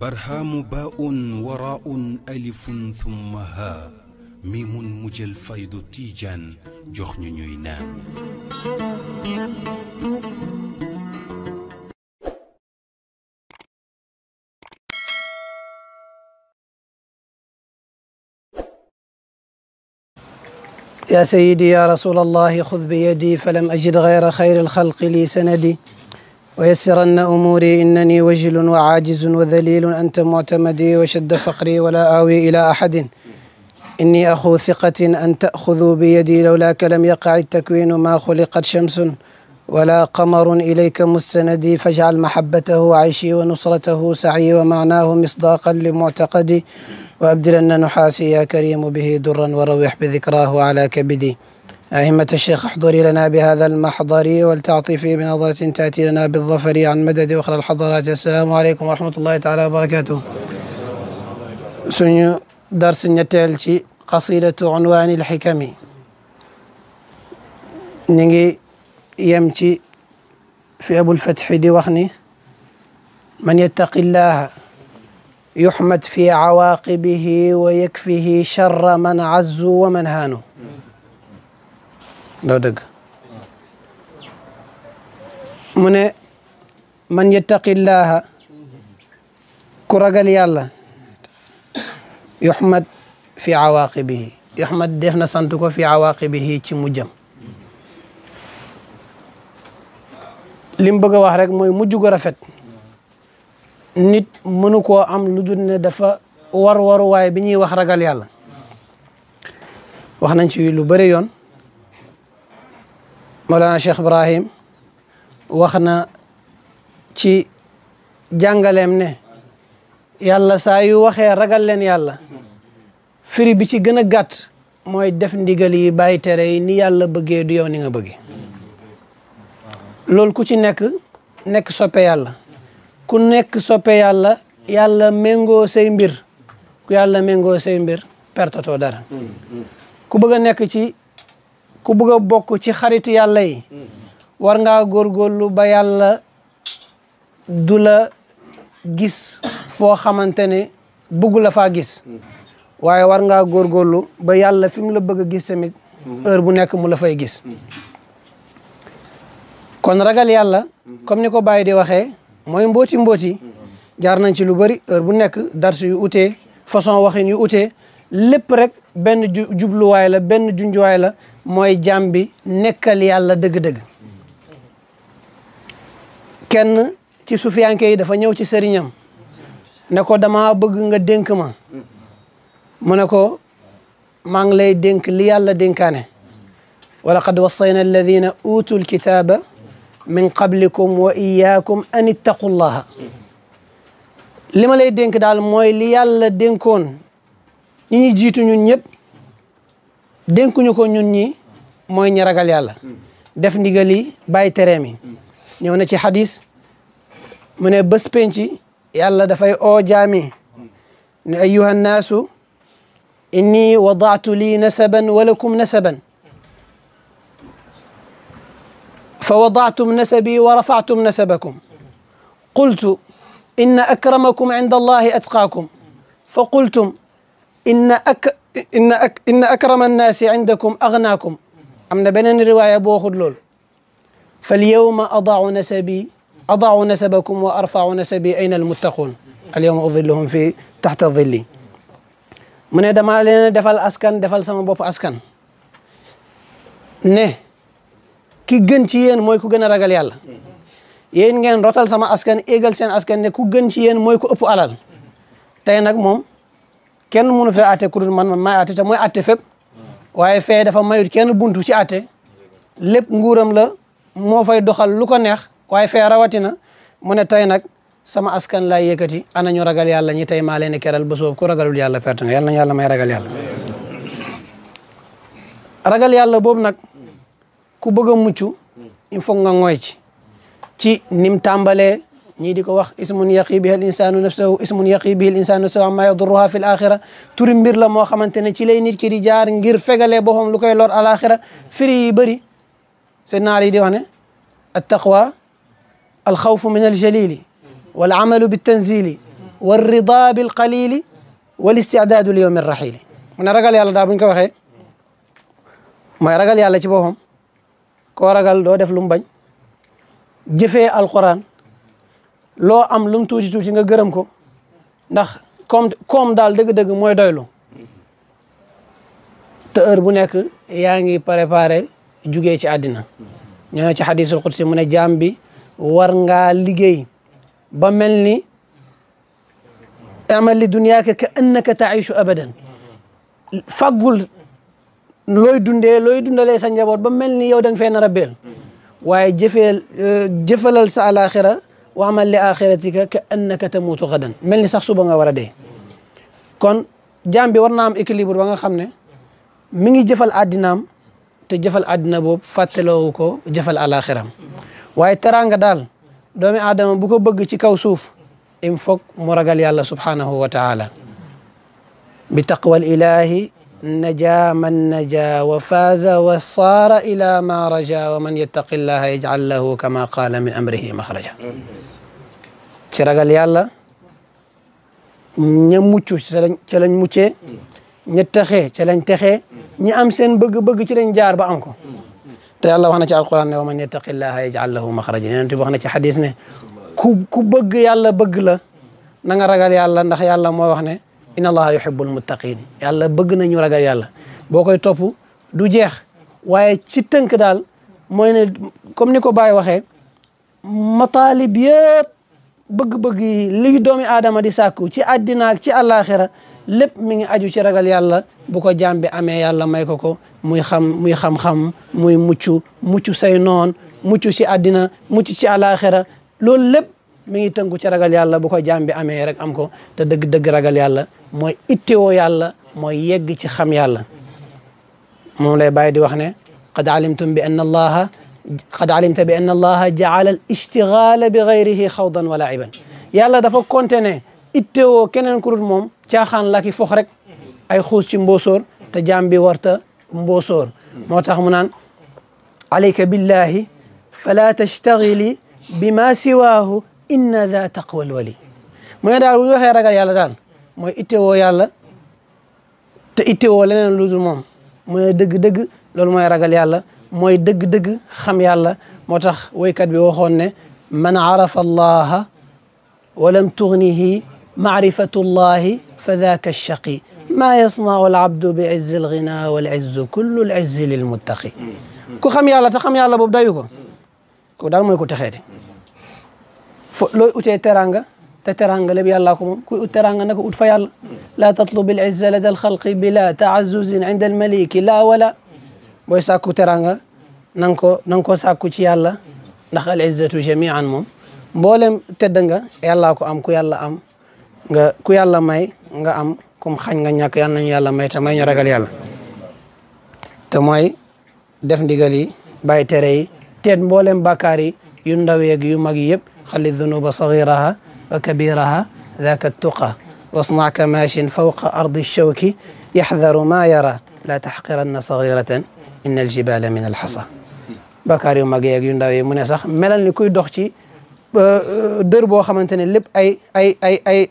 برهام باء وراء ألف ثم ها ميم مجل فيض تيجان جخن نينان يا سيدي يا رسول الله خذ بيدي فلم أجد غير خير الخلق لي سندي ويسرن أموري إنني وجل وعاجز وذليل أنت معتمدي وشد فقري ولا آوي إلى أحد إني أخو ثقة أن تأخذوا بيدي لولاك لم يقع التكوين ما خلقت شمس ولا قمر إليك مستندي فاجعل محبته عيشي ونصرته سعي ومعناه مصداقا لمعتقدي وأبدلن نحاسي يا كريم به درا وروح بذكراه على كبدي أئمة الشيخ احضري لنا بهذا المحضر ولتعطي فيه بنظرة تأتي لنا بالظفر عن مدد أخرى الحضرات السلام عليكم ورحمة الله تعالى وبركاته سنو درس نتالتي قصيدة عنوان الحكم نجي يمتي في أبو الفتح دي وخني من يتق الله يحمد في عواقبه ويكفه شر من عز ومن هانه doo dëgg mu ne man yettaqillaaha ku ragal yàlla yuxmad fi awaaqibihi yuxmad def na sant ko fi awaaqibihi ci mujjam li mu bëgg a wax rek mooy mujj rafet nit mënu koo am lu ne dafa war waruwaay bi ñuy wax ragal yàlla wax nañ ci lu bëri yoon Mawlana Cheikh Ibrahim wax na ci jàngaleem ne yàlla saa yu waxee ragal leen yàlla firi bi ci gën a gàtt mooy def ndigal yi bàyyi tere yi ni yàlla bëggee du yow ni nga bëggee loolu ku ci nekk nekk soppe yàlla ku nekk soppe yàlla yàlla méngoo say mbir ku yàlla méngoo say mbir pertatoo dara mm, mm. ku bëgg a nekk ci ku bëgg bokk ci xarit yàlla yi war ngaa góorgóorlu ba yàlla du la gis foo xamante ne bëggu la fa gis waaye war ngaa góorgóorlu ba yàlla fi mu la bëgg a gis tamit heure bu nekk mu la fay gis kon ragal yàlla comme ni ko bàyyi di waxee mooy mbooti mbooti jaar nañ ci lu bari heure bu nekk darsu yu utee façon waxin yu utee lépp rek benn jubluwaay la benn junjuwaay la mooy jàmm bi nekkal yàlla dëgg kenn ci sufiyanke yi dafa ñëw ci sëriñam ne ko dama bëgg nga dénk ma mu ne ko maa ngi lay dénk li yàlla dénkaane wa laqad wassayna alladina utul kitaaba min qablikum wa iyaakum an li ma lay dénk daal mooy li yàlla dénkoon ñi ñu jiitu ñun ñëpp dénkuñu ko ñun ñi moy ñi ragal yàlla def ndigal yi bàyyi tere ñëw na ci hadith mune bés penci yàlla dafay oo jaami ne ayuha annaasu inni wadaatu lii nasaban walakum nasaban fa wadaatum nasabi wa rafaatum nasabakum qultu inna akramakum inda allahi atqaakum fa qultum inna ak ان أك ان اكرم الناس عندكم اغناكم امنا بين الروايه ابو خدلول فاليوم اضع نسبي اضع نسبكم وارفع نسبي اين المتقون اليوم اظلهم في تحت ظلي من هذا ما علينا دفال اسكان دفال سما بوب اسكن نه كي غنتيين موي كو غنا راغال يالا يين غن روتال سما اسكان ايغال سين اسكن نه كو غنتيين موي كو اوبو علال تاي نك موم kenn mënu fee atte ku man man maay atte te mooy atte fépp hmm. waaye fee dafa mayut kenn buntu ci atte lépp nguuram la moo fay doxal lu ko neex waaye fee rawatina mu ne tey nag sama askan laay yëkkati ana ñu ragal yàlla ñi tey maa leen keral ba soob ku ragalul yàlla perte na yàlla may ragal yàlla ragal yàlla boobu nag ku bëgg a mucc il faut nga ngoy ci ci nim tàmbalee ني واخ اسم يقي به الانسان نفسه اسم يقي به الانسان نفسه ما يضرها في الاخره ترمير لا مو خامتني تي لي نيت كي دي جار غير فغال بوهم لوكاي لور الاخره فري بري سيدنا علي دي واني التقوى الخوف من الجليل والعمل بالتنزيل والرضا بالقليل والاستعداد ليوم الرحيل من رجل يلا دابن كو خي ما رجل يلا تي بوهم كو رجل دو ديف لوم بان جيفه القران loo am lu mu tuuti tuuti nga gërëm ko ndax koom daal dëgg-dëgg mooy doylu te heure bu nekk yaa ngi préparé jugee ci àddina ñoo ne ci xadisul xudsi mu ne war ngaa liggéey ba mel ni amal li duniyaaka ka annaka taishu abadan faggul looy dundee looy dundalee sa njaboot ba mel ni yow da nga fee nar a beel waaye jëfeel euh, jëfalal sa alaxira wa amal li axiratika ka annaka tamuutu gadan mel ni sax suba nga dee kon jaam war naa am équilibre ba nga xam ne mi ngi jëfal àddinaam te jëfal àddina boobu fàttaloowu ko jëfal alaxiram waaye teraanga daal doomi aadama bu ko bëgg ci kaw suuf il mu ragal yàlla subhanahu wa bi taqwal ilahi نجا من نجا وفاز وصار إلى ما رجا ومن يتق الله يجعل له كما قال من أمره مخرجا ceragal yàlla ña mucc ca lañ ca lañ muccee ña texee ca lañ texee ñi am seen bëgg-bëgg ci lañ jaar ba am ko te yàlla wax na ci alquran ne wa man yattaqillaha yaj'al lahu makhrajan yonent bi wax na ci xadis ne ku ku bëgg yàlla bëgg la na nga ragal yàlla ndax yàlla moo wax ne inna allaha yuhibbul muttaqin yàlla bëgg na ñu ragal yàlla boo koy topp du jeex waaye ci tënk daal mooy ne comme ni ko baay waxee mataalib yëpp bëgg-bëgg li doomi aadama di sàkku ci àddina ci àllaaxira lépp mi ngi aju ci ragal yàlla bu ko jaam bi amee yàlla may ko ko muy xam muy xam muy mucc mucc say noon mucc ci àddina mucc ci àllaaxira loolu lépp mi ngi tënku ci ragal yàlla bu ko jaam amee rek am ko te dëgg-dëgg ragal yàlla mooy ittewoo yàlla moy yegg ci xam yàlla mo lay bay di wax ne qad alimtum bi anna allaha qad alimta bi anna allaha jaala al ishtigaala bi ghayrihi khawdan wa laiban yàlla dafa konte ne ittewoo keneen ku dul xaan la ki fokh rek ay xoos ci mbosor te jaam bi warta mbosor motax mu nan alayka billahi fala tashtagili bima siwaahu inna da taqwa alwali mu ne daal bu ñu waxee ragal yàlla daal mooy ittewoo yàlla te ittewoo leneen lu dul moom mooy dëgg-dëgg loolu mooy ragal yàlla mooy dëgg-dëgg xam yàlla moo tax woykat bi waxoon ne man arafa allaha wa lam tugnihi maarifatu llahi fa daaka lchaqi maa yasnau alabdu bi izzi alghina walizzu kullu lizzi lilmuttaqi ku xam yàlla te xam yàlla boobu dayu ko ko daal mooy ko texee di fo looy utee teranga تترهنغ لبي الله كم تترهنغ أدفع الله لا تطلب العزة لدى الخلق بلا تعزز عند المليك لا ولا ويساكو ترهنغ ننكو ننكو ساكو تي الله ndax al izzatu jami'an moom mboolem tedd nga yàllaa ko am ku nga ku yàlla may nga am kum xañ nga ñàkk yàlla nañu yàlla may te may ñu ragal yàlla te mooy def ndigal yi bàyyi tere yi teet mboolem bàkkaar yu ndaw yeeg yu mag yi yëpp xali dunuba sagiraha وكبيرها ذاك التقى واصنع كماش فوق أرض الشوك يحذر ما يرى لا تحقرن صغيرة إن الجبال من الحصى بكاري وما جاي يقول ده مناسخ ملان لكوي دختي دربو خمنتن اللب أي أي أي أي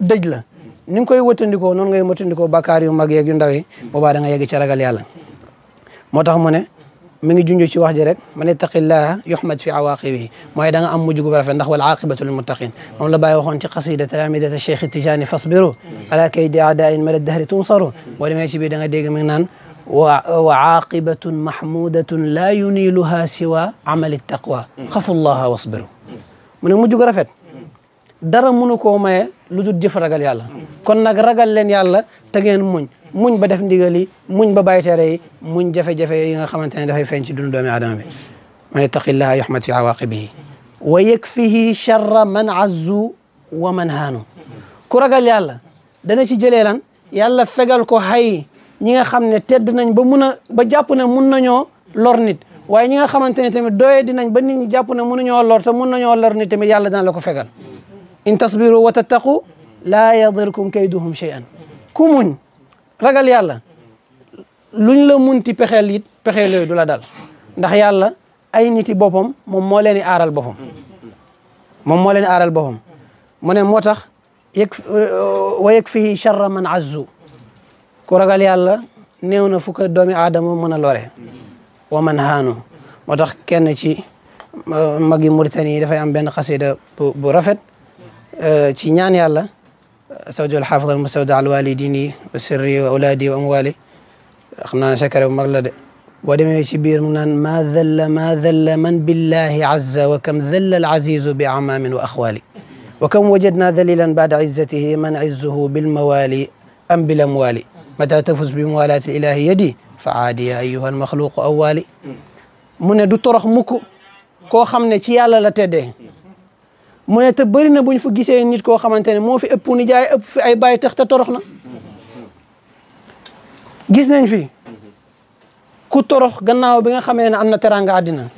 دجلة نكوي وتن دكو نون غي متن دكو بكاري وما جاي يقول ده وبعدين غي يجي شرعة ليالا متهمونه mi ngi junj ci wax ji rek man ittaqillaha yuhmad fi awaqibihi mooy da nga am mujj gu rafet ndax wal aqibatu lil muttaqin moom la bàyyi waxoon ci xasida talamidata cheikh tijani fasbiru ala kaydi aadain mala dahri tunsaru boo demee ci biir da nga dégg mi ngi naan wa aqibatun mahmudatun la yuniluha siwa amali taqwa xafu llaha wasbiru mu ne mujj gu rafet dara mënu ko maye lu dul jëf ragal yàlla kon nag ragal leen yàlla te ngeen muñ muñ ba def ndigal yi muñ ba bàyyi tere yi muñ jafe-jafe yi nga xamante ne dafay feeñ ci dund doomi aadama bi man ittaqillaha yuhmad fi awaqibihi wa yakfihi charra man azzu wa man haanu ku ragal yàlla dana ci jëlee lan yàlla fegal ko xay ñi nga xam ne tedd nañ ba mun a ba jàpp ne mun nañoo lor nit waaye ñi nga xamante ne tamit doye dinañ ba nit ñi jàpp ne munuñoo lor te mun nañoo lor nit tamit yàlla dana la ko fegal in tasbiru wa tattaqu laa yadirkum kayduhum shay'an ku muñ ragal yàlla luñ la munti pexeel it pexeel yooyu du la dal ndax yàlla ay niti boppam moom moo leen di aaral boppam moom moo leen di aaral boppam mu moo tax yëg wa yëg fii charra man azzu ko ragal yàlla néew na fu ko doomi aadama mën a lore wa man haanu moo tax kenn ci magi Mauritanie yi dafay am benn xasida bu rafet ci ñaan yàlla sawdi al xaafid al mustawda al walidini wa sirri wa awlaadi wa amwaali xam naa sakare bu mag la de boo demee ci biir mu naan maa dalla maa dalla man billahi azza wa kam dalla al azizu bi amaamin wa axwaali wa kam wajadna dalilan baada izzatihi man izzuhu bil mawaali am bil amwaali mata tafus bi muwalaati al ilahi yadi fa aadi ya ayuha al maxluqu awaali mu ne du torox mukk koo xam ne ci yàlla la teddee mu ne te bari na buñ ñu fa gisee nit koo xamante ne moo fi ëpp ni jaay ëpp fi ay bàyyi tax te torox na gis nañ fi ku torox gannaaw bi nga xamee ne am na teranga àddina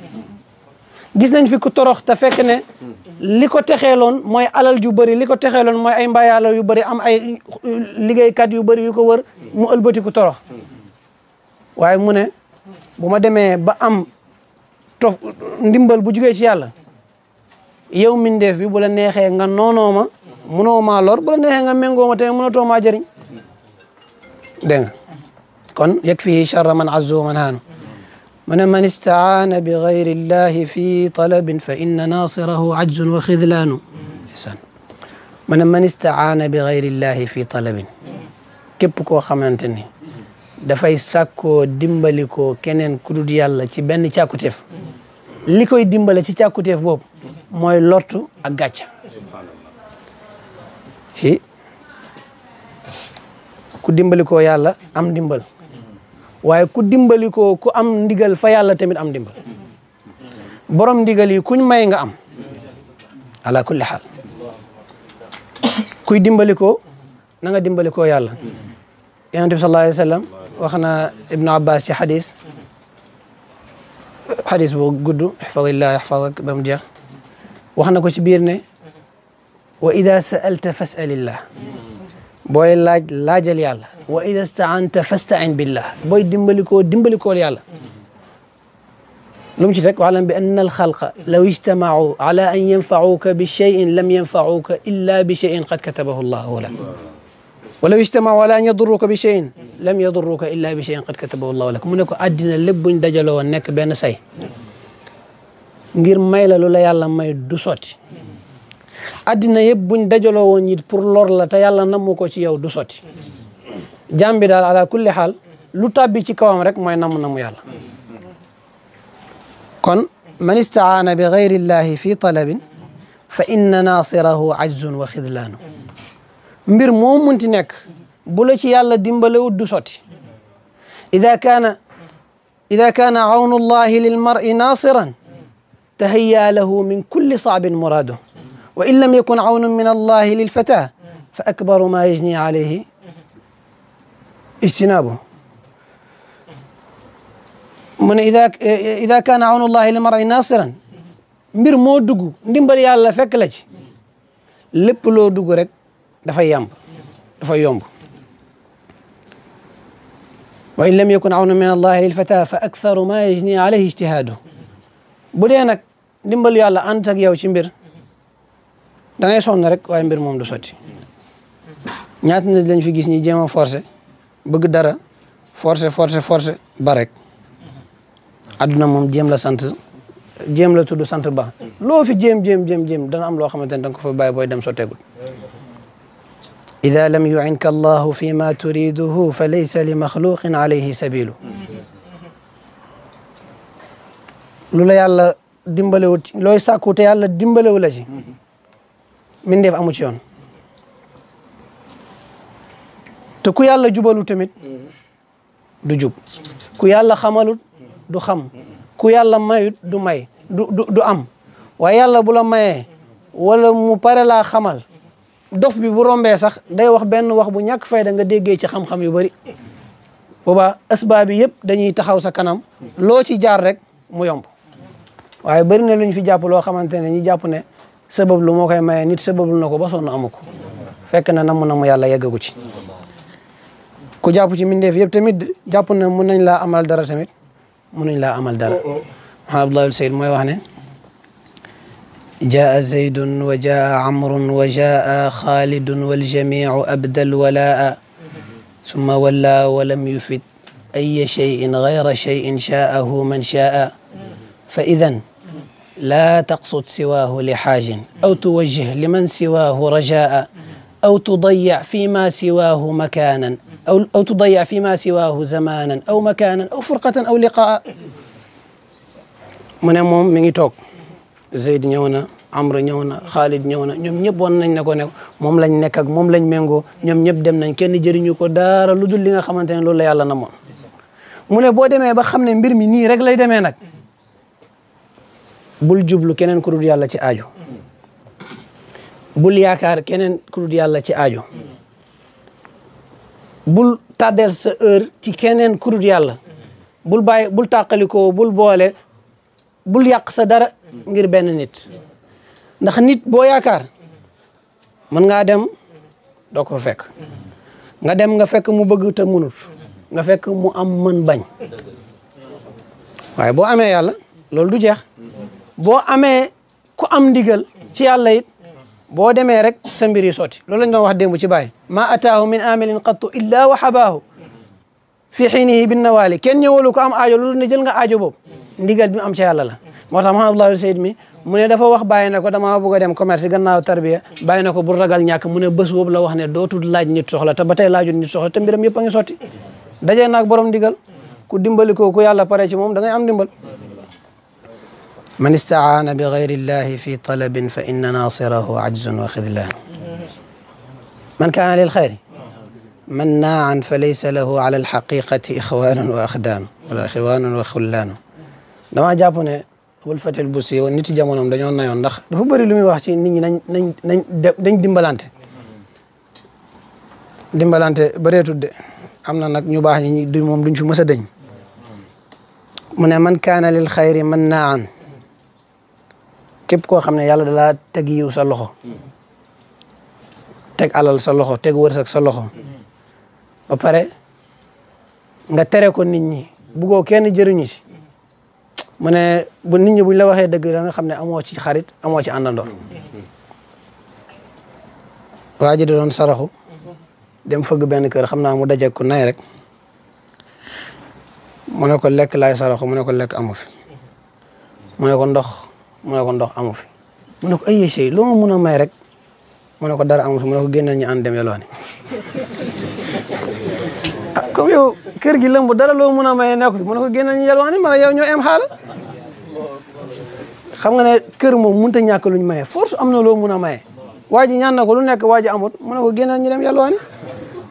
gis nañ fi ku torox te fekk ne li ko texeeloon mooy alal yu bari li ko texeeloon mooy ay mbaayalal yu bari am ay liggéeykat yu bari yu ko wër mu ëlbati ku torox waaye mu ne bu ma demee ba am tof ndimbal bu jugee ci yàlla yow mindeef bi bu neexee nga noonoo ma munoo maa lor bu la neexee nga méngoo ma te munatoo maa jëriñ kon yeg fii man azzu man haanu mu man istaana bi gayri illahi fi talabin fa inna nasirahu ajzun wa man istaana bi gayri illahi fi talabin képp koo xamante ni sakko sàkkoo dimbalikoo keneen ku dul yàlla ci benn càkkuteef li koy dimbale ci càkkuteef boobu Moy Lotu ak gàcca i ku dimbaliko Yalla yàlla am dimbal waaye ku dimbaliko ku am ndigal fa yàlla tamit am dimbal borom ndigal yi kuñ may nga am ala kulli xaal kuy dimbaliko na nga dimbaliko Yalla. yàlla Nabi bi sallallahu alayhi wasallam sallam wax na abbas ci hadith. Hadith bu gudd ihfadillah yahfazuk ba mu jeex waxna ko ci biir ne wa ida sa'alta fas'alillah boy laaj laajal yalla wa ida sta'anta fasta'in billah دمبلكو dimbaliko dimbaliko نمشي لم تشرك واعلم بان الخلق لو اجتمعوا على ان ينفعوك بشيء لم ينفعوك الا بشيء قد كتبه الله لك. ولو اجتمعوا على ان يضروك بشيء لم يضروك الا بشيء قد كتبه الله لك. منك ادنا لب دجلو نك بين سي. ngir may lu la yàlla may du addina yëpp buñ dajaloo woon it lor la te yàlla namu ko ci yow du sotti daal ala kulli xaal lu tàbbi ci kawam rek mooy namu namu yàlla kon man istaana bi gayri llahi fi talabin fa inna nasirahu wa xidlaanu mbir moo munti nekk bu ci yàlla dimbalewut du sotti ida kaana ida kaana lil mar'i nasiran تهيا له من كل صعب مراده وإن لم يكن عون من الله للفتاة فأكبر ما يجني عليه اجتنابه من إذا إذا كان عون الله للمرأة ناصرا مير مو دوغو ندمبل يا الله فك لاج لب لو يامب دا يامب وإن لم يكن عون من الله للفتاة فأكثر ما يجني عليه اجتهاده bu dee nag ndimbal yàlla ànd ak yow ci mbir da ngay sonn rek waaye mbir moom du sotti ñaata nit lañ fi gis ni jéem a forcé bëgg dara forcé forcé forcé barek rek adduna moom jéem la sant jéem la tudd sant ba loo fi jéem jéem jéem jéem dana am loo xamante ne danga ko fa bàyyi booy dem sotteegul ida lam yuinka allahu fi ma turiduhu fa laysa li maxluqin alayhi sabilu lu la yàlla dimbalewul ci looy sàkku te yàlla dimbalewu la ci mindeef amu ci yoon te ku yàlla jubalu tamit du jub ku yàlla xamalut du xam ku yàlla mayut du may du am waaye yàlla bu la mayee wala mu pare laa xamal dof bi bu rombee sax day wax benn wax bu ñàkk da nga déggee ci xam-xam yu bari boobaa asbaab yi yëpp dañuy taxaw sa kanam loo ci jaar rek mu yomb waaye bari na luñ fi jàpp lo xamantene ñi jàpp ne sabab lu moo koy maye nit sabablu na ko ba sonn amu fekk na namu namu yàlla yeggu ci ku jàpp ci mindeef yeb tamit jàpp na mu nañ la amal dara tamit mu nañ la amal dara abdullah sayyid moy wax ne جاء زيد وجاء jaa وجاء خالد والجميع xaalidun waljamiu ثم walaa ولم يفد أي شيء غير شيء شاءه من شاء فإذا لا تقصد سواه لحاج أو توجه لمن سواه رجاء أو تضيع فيما سواه مكانا أو, أو تضيع فيما سواه زمانا أو مكانا أو فرقة أو لقاء من المهم من يتوك زيد نيونا عمرو نيونا خالد نيونا نيوم نيب وان نيو موم لاني نكاك موم لاني مينغو نيوم نيب دم نان كين جيري نيوكو دارا لودو ليغا خمانتين لولا يالا نمو مو نه بو ديمي با خامني مبير مي bul jublu keneen ku yàlla ci ajo bul yaakaar keneen ku yàlla ci ajo bul tàddeel sa heure ci keneen ku dul yàlla bul bàyyi bul bul boole bul yàq sa dara ngir benn nit ndax nit boo yaakaar mën ngaa dem doo ko fekk nga dem nga fekk mu bëgg te nga fekk mu am mën bañ waaye boo amee yàlla loolu du jeex boo amee ku am ndigal ci yàlla it boo demee rek sa mbir yi sotti loolu lañ doon wax démb ci bàyyi maa ataahu min amilin qattu illa wa habaahu fi xiinihi bin nawaali kenn ñëwalu ko am aajo loolu ne jël nga aajo boobu ndigal bi mu am la moo tax mahamadulahi sayid mi mu ne dafa wax bàyyi na ko damaa bëgg a dem commerce gannaaw tarbiya bàyyi na ko bu ragal ñàkk mu ne bés boobu la wax ne dootul laaj nit soxla ta ba tey laajul nit soxla te mbiram yëpp a ngi sotti dajee naag borom ndigal ku dimbali ko ku yàlla pare ci moom da ngay am ndimbal من استعان بغير الله في طلب فإن ناصره عجز وخذلان من كان للخير من ناعا فليس له على الحقيقة إخوان وأخدان ولا إخوان وخلان نما جابوني ولفت البوسي ونيتي جامونهم دانيو نايو نخ دفو بري لومي واخ سي نيني نان نان ديمبالانت ديمبالانت امنا نك نيو باخ ني مسا دنج من من كان للخير من ناعا képp koo xam ne yàlla dala teg yiw sa loxo teg alal sa loxo teg wërsëg sa loxo ba pare nga tere ko nit ñi buggoo kenn jëriñu si ne bu nit ñi buñ la waxee dëgg da xam ne amoo ci xarit amoo ci àndandoor waa ji da doon dem fëgg benn kër xam naa mu daje ku nay rek mu ne ko lekk lay saraxu mu ne ko lekk amu fi ko ndox muna ko ndox amu fi muna ko ay sey loo ma may rek muna ko dara amu fi muna ko génnal ñu andem dem ni ko yo yow gi lëmb dara loo muna may nekk muna ko ko génnal ni ma yow ñoo em xaala xam nga ne kër mo munta a ñàkk maye force amna lo loo maye waa ñaan lu nekk waji amut mu ko génnal ñu dem ni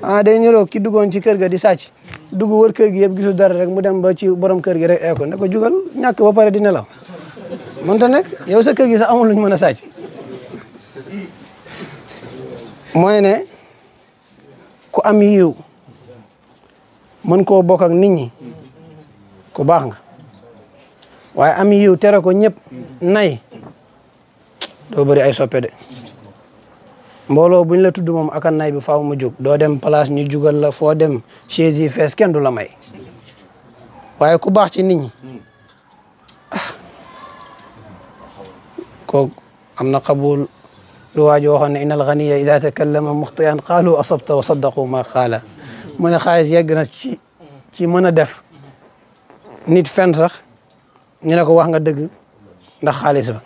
ah day niroo ki duggoon ci kër ga di sàcc dugu wër kër gi yeb gisu dara rek mu dem ba ci borom gi rek eko eh, jugal ba pare di nelaw mën ta nekk yow sa keur gi sax amul luñu mëna a moy ne ku am yiw mën ko bok ak nit ñi ku bax nga waye am yiw téré ko ñëpp nay do bari ay soppé dé mbolo buñ la tuddu mom nay bi faaw mu juk do dem place ñu jugal la fo dem chaise yi fess kën du la may waye ku bax ci nit ñi koog am na qabuul lu waaj waxoon ne inal ganiya ida takallama muxtiyan qaalu asabta wa saddaqu ma qaala mu ne xaalis yegg na ci ci mën a def nit fen sax ñu ne ko wax nga dëgg ndax xaalis ba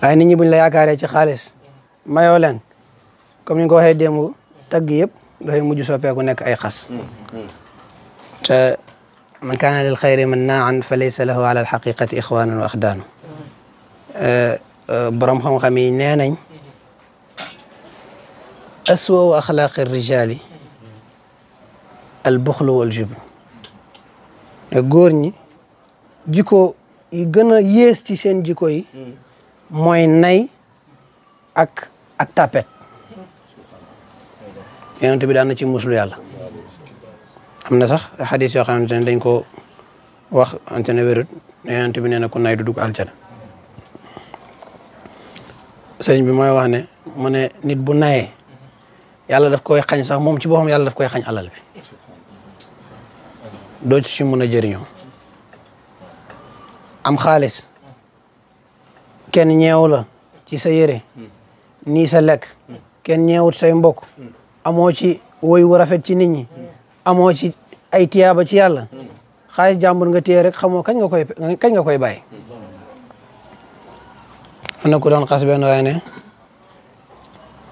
waaye nit ñi buñ la yaakaaree ci xaalis mayoo leen comme ni nga ko waxee démb tagg yëpp dafay mujj soppeeku nekk ay xas te man kaana lil xayri man naan fa laysa lahu ala alxaqiqati ixwaanun wa axdaanu Euh, euh, borom xam-xam yi nee nañ aswaw axlaaqi rijaali al buxlu wal jubn te góor ñi jikko yi gën a yées ci seen jikko yi mooy nay ak ak tapet yonent bi daan na ci muslu yàlla am na sax xadis yoo xamante ne dañ ko wax ante ne wérut yonent bi nee na ku nay du dug aljana sëriñ bi mooy wax ne mu ne nit bu nayee yàlla def koy xañ sax moom ci boppam yàlla daf koy xañ alal bi doo ci mën a jëriñoo am xaalis kenn ñeewu ci sa yére nii sa lekk kenn ñeewut say mbok amoo ci woy wu rafet ci nit ñi amoo ci ay tiyaaba ci yàlla xaalis jàmbur nga téye rek xamoo kañ nga koy kañ أنا كلان قاس بأنه يعني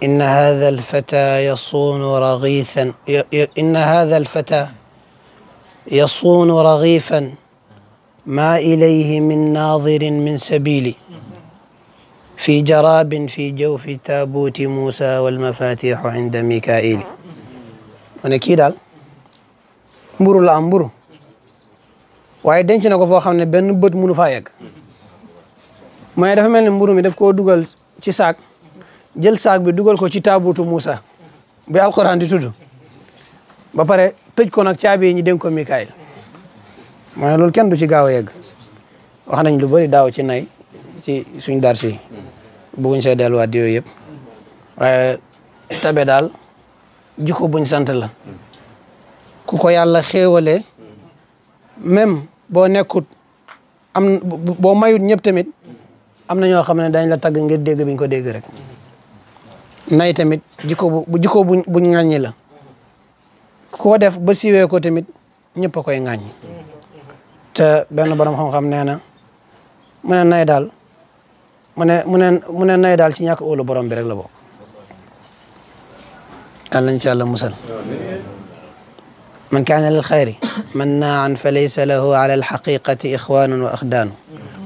إن هذا الفتى يصون رغيثا إن هذا الفتى يصون رغيفا ما إليه من ناظر من سبيلي في جراب في جوف تابوت موسى والمفاتيح عند ميكائيل أنا على mburu la am mburu waaye denc na ko mooy dafa mel ni mburu mi daf koo dugal ci saak jël saak bi dugal ko ci taabutu muusa bi alquran di tudd ba pare tëj ko nag caabi yi ñu dénk ko Mikaayil mooy loolu kenn du ci gaaw a yegg wax nañ lu bari daaw ci nay ci suñ dar si bëgguñ see delluwaat di yooyu yëpp waaye tabe daal jikko buñ sant la ku ko yàlla xéewalee même boo nekkut am boo mayut ñëpp tamit am na ñoo xam ne dañ la tagg ngir dégg biñ ko dégg rek nay tamit jikko bu jikko buñ buñ ŋàññi def ba siiwee ko tamit ñëpp a koy ŋàññi te benn borom xam-xam nee na mu ne nay daal mu ne mu ne mu nay daal ci ñàkk óolu borom bi rek la bokk yàlla nañ ci musal من كان للخير مناعا فليس له على الحقيقة إخوان وأخدان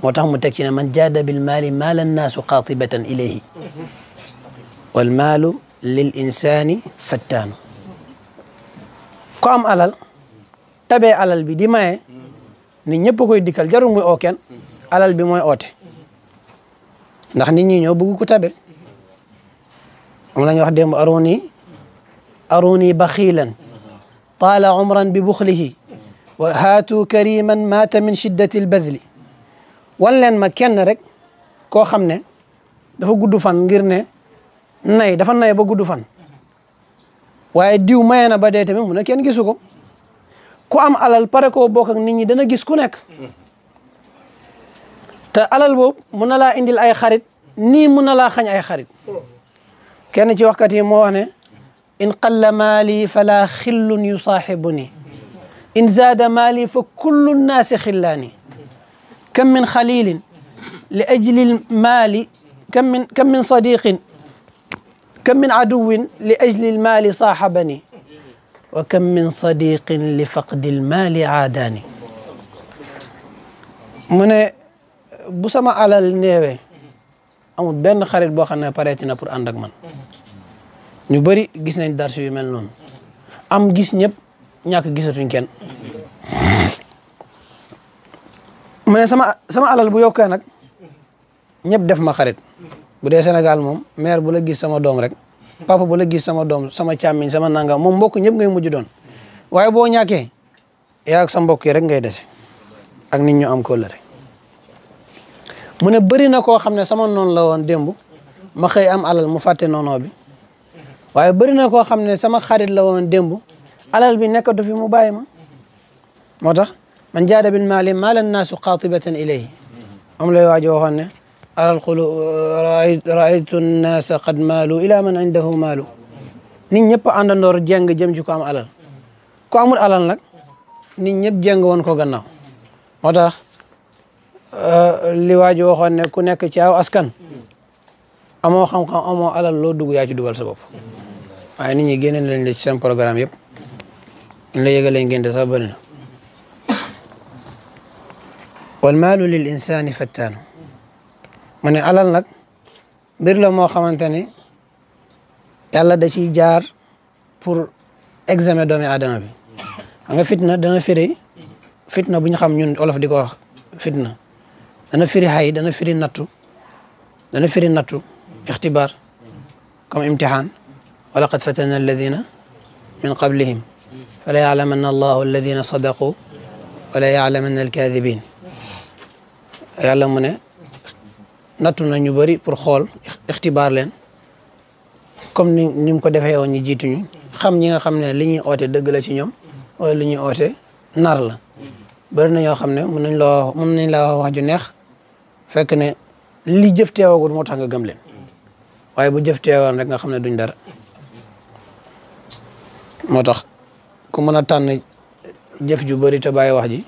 وتهم متكين من جاد بالمال مال الناس قاطبة إليه والمال للإنسان فتان قام على تبع على البديماء نيبوكو يديكال جارو مي اوكن على البي موي اوتي ناخ نيت ني نيو بوكو تابي ام لا اروني اروني بخيلا taala umran bi buxlihi wa haatu kariman maata min shiddati albadli wan ma kenn rek koo xam ne dafa gudd fan ngir ne nay dafa nay ba gudd fan waaye diw maye na ba dee tamit mu ne kenn gisu ko ku am alal pare koo bokk ak nit ñi dana gis ku nekk te alal bo mun na laa indil ay xarit nii mun na laa xañ ay xarit kenn ci waxkat yi moo wax ne إن قل مالي فلا خل يصاحبني إن زاد مالي فكل الناس خلاني كم من خليل لأجل المال كم من كم من صديق كم من عدو لأجل المال صاحبني وكم من صديق لفقد المال عاداني من ne على النيوي alal بين amul بوخنا بريتنا بور xam ñu bari gis nañ darsu yu mel am gis ñëpp ñàkk gisatuñ kenn mu ne sama sama alal bu yokkee nag ñëpp def ma xarit bu dee Sénégal moom maire bu la gis sama doom rek papa bu la gis sama doom sama càmmiñ sama nangam moom mbokk ñëpp ngay mujj doon waaye boo ñàkkee yaa ak sa mbokk yi rek ngay dese ak nit ñu am kóllëre mu ne bëri na koo xam ne sama noonu la woon démb ma xëy am alal mu fàtte noonoo bi waaye bëri na koo xam ne sama xarit la woon démb alal bi nekkatu fi mu bàyyi ma moo tax man jaada bin maali maala naasu qaatibatan ilayhi moom lay waajo waxoon ne aral xulu raaytu nnaasa qad maalu ñëpp àndandoor jeng jëm ci ko am alal ku amul alal nag nit ñëpp jeng woon ko gannaaw moo tax euh, li waajo waxoon ne ku nekk ci aw askan amoo xam-xam amoo alal loo dugg yaa ci dugal sa bopp waaye nit ñi génne leen ci seen programme yëpp ñu la yëgalee ngeen de sax bëri na wal maalu lil insaani fattaanu mu ne alal nag mbir la moo xamante ne yàlla da ciy jaar pour examen doomi aadama bi xam nga fitna dana firi fitna bu ñu xam ñun olof di ko wax fitna dana firi xay dana firi nattu dana firi nattu ixtibaar comme imtihaan ولقد فتنا الذين من قبلهم فلا يعلمن الله الذين صدقوا ولا يعلمن الكاذبين يعلمون ناتو نانيو بري بور خول اختبار لين كوم ني نيم كو ديفاي وني جيتو ني خام نيغا خام ني لي ني اوتي دغ لا سي نيوم ولا لي ني اوتي نار لا بر نيو خام ني مون نلا مون ني لا واخ جو نيه فك ني لي جفتي واغول مو تانغا گم لين واي بو نغا خام ني دون دار motax ku meuna tan def ju beuri te baye wax ji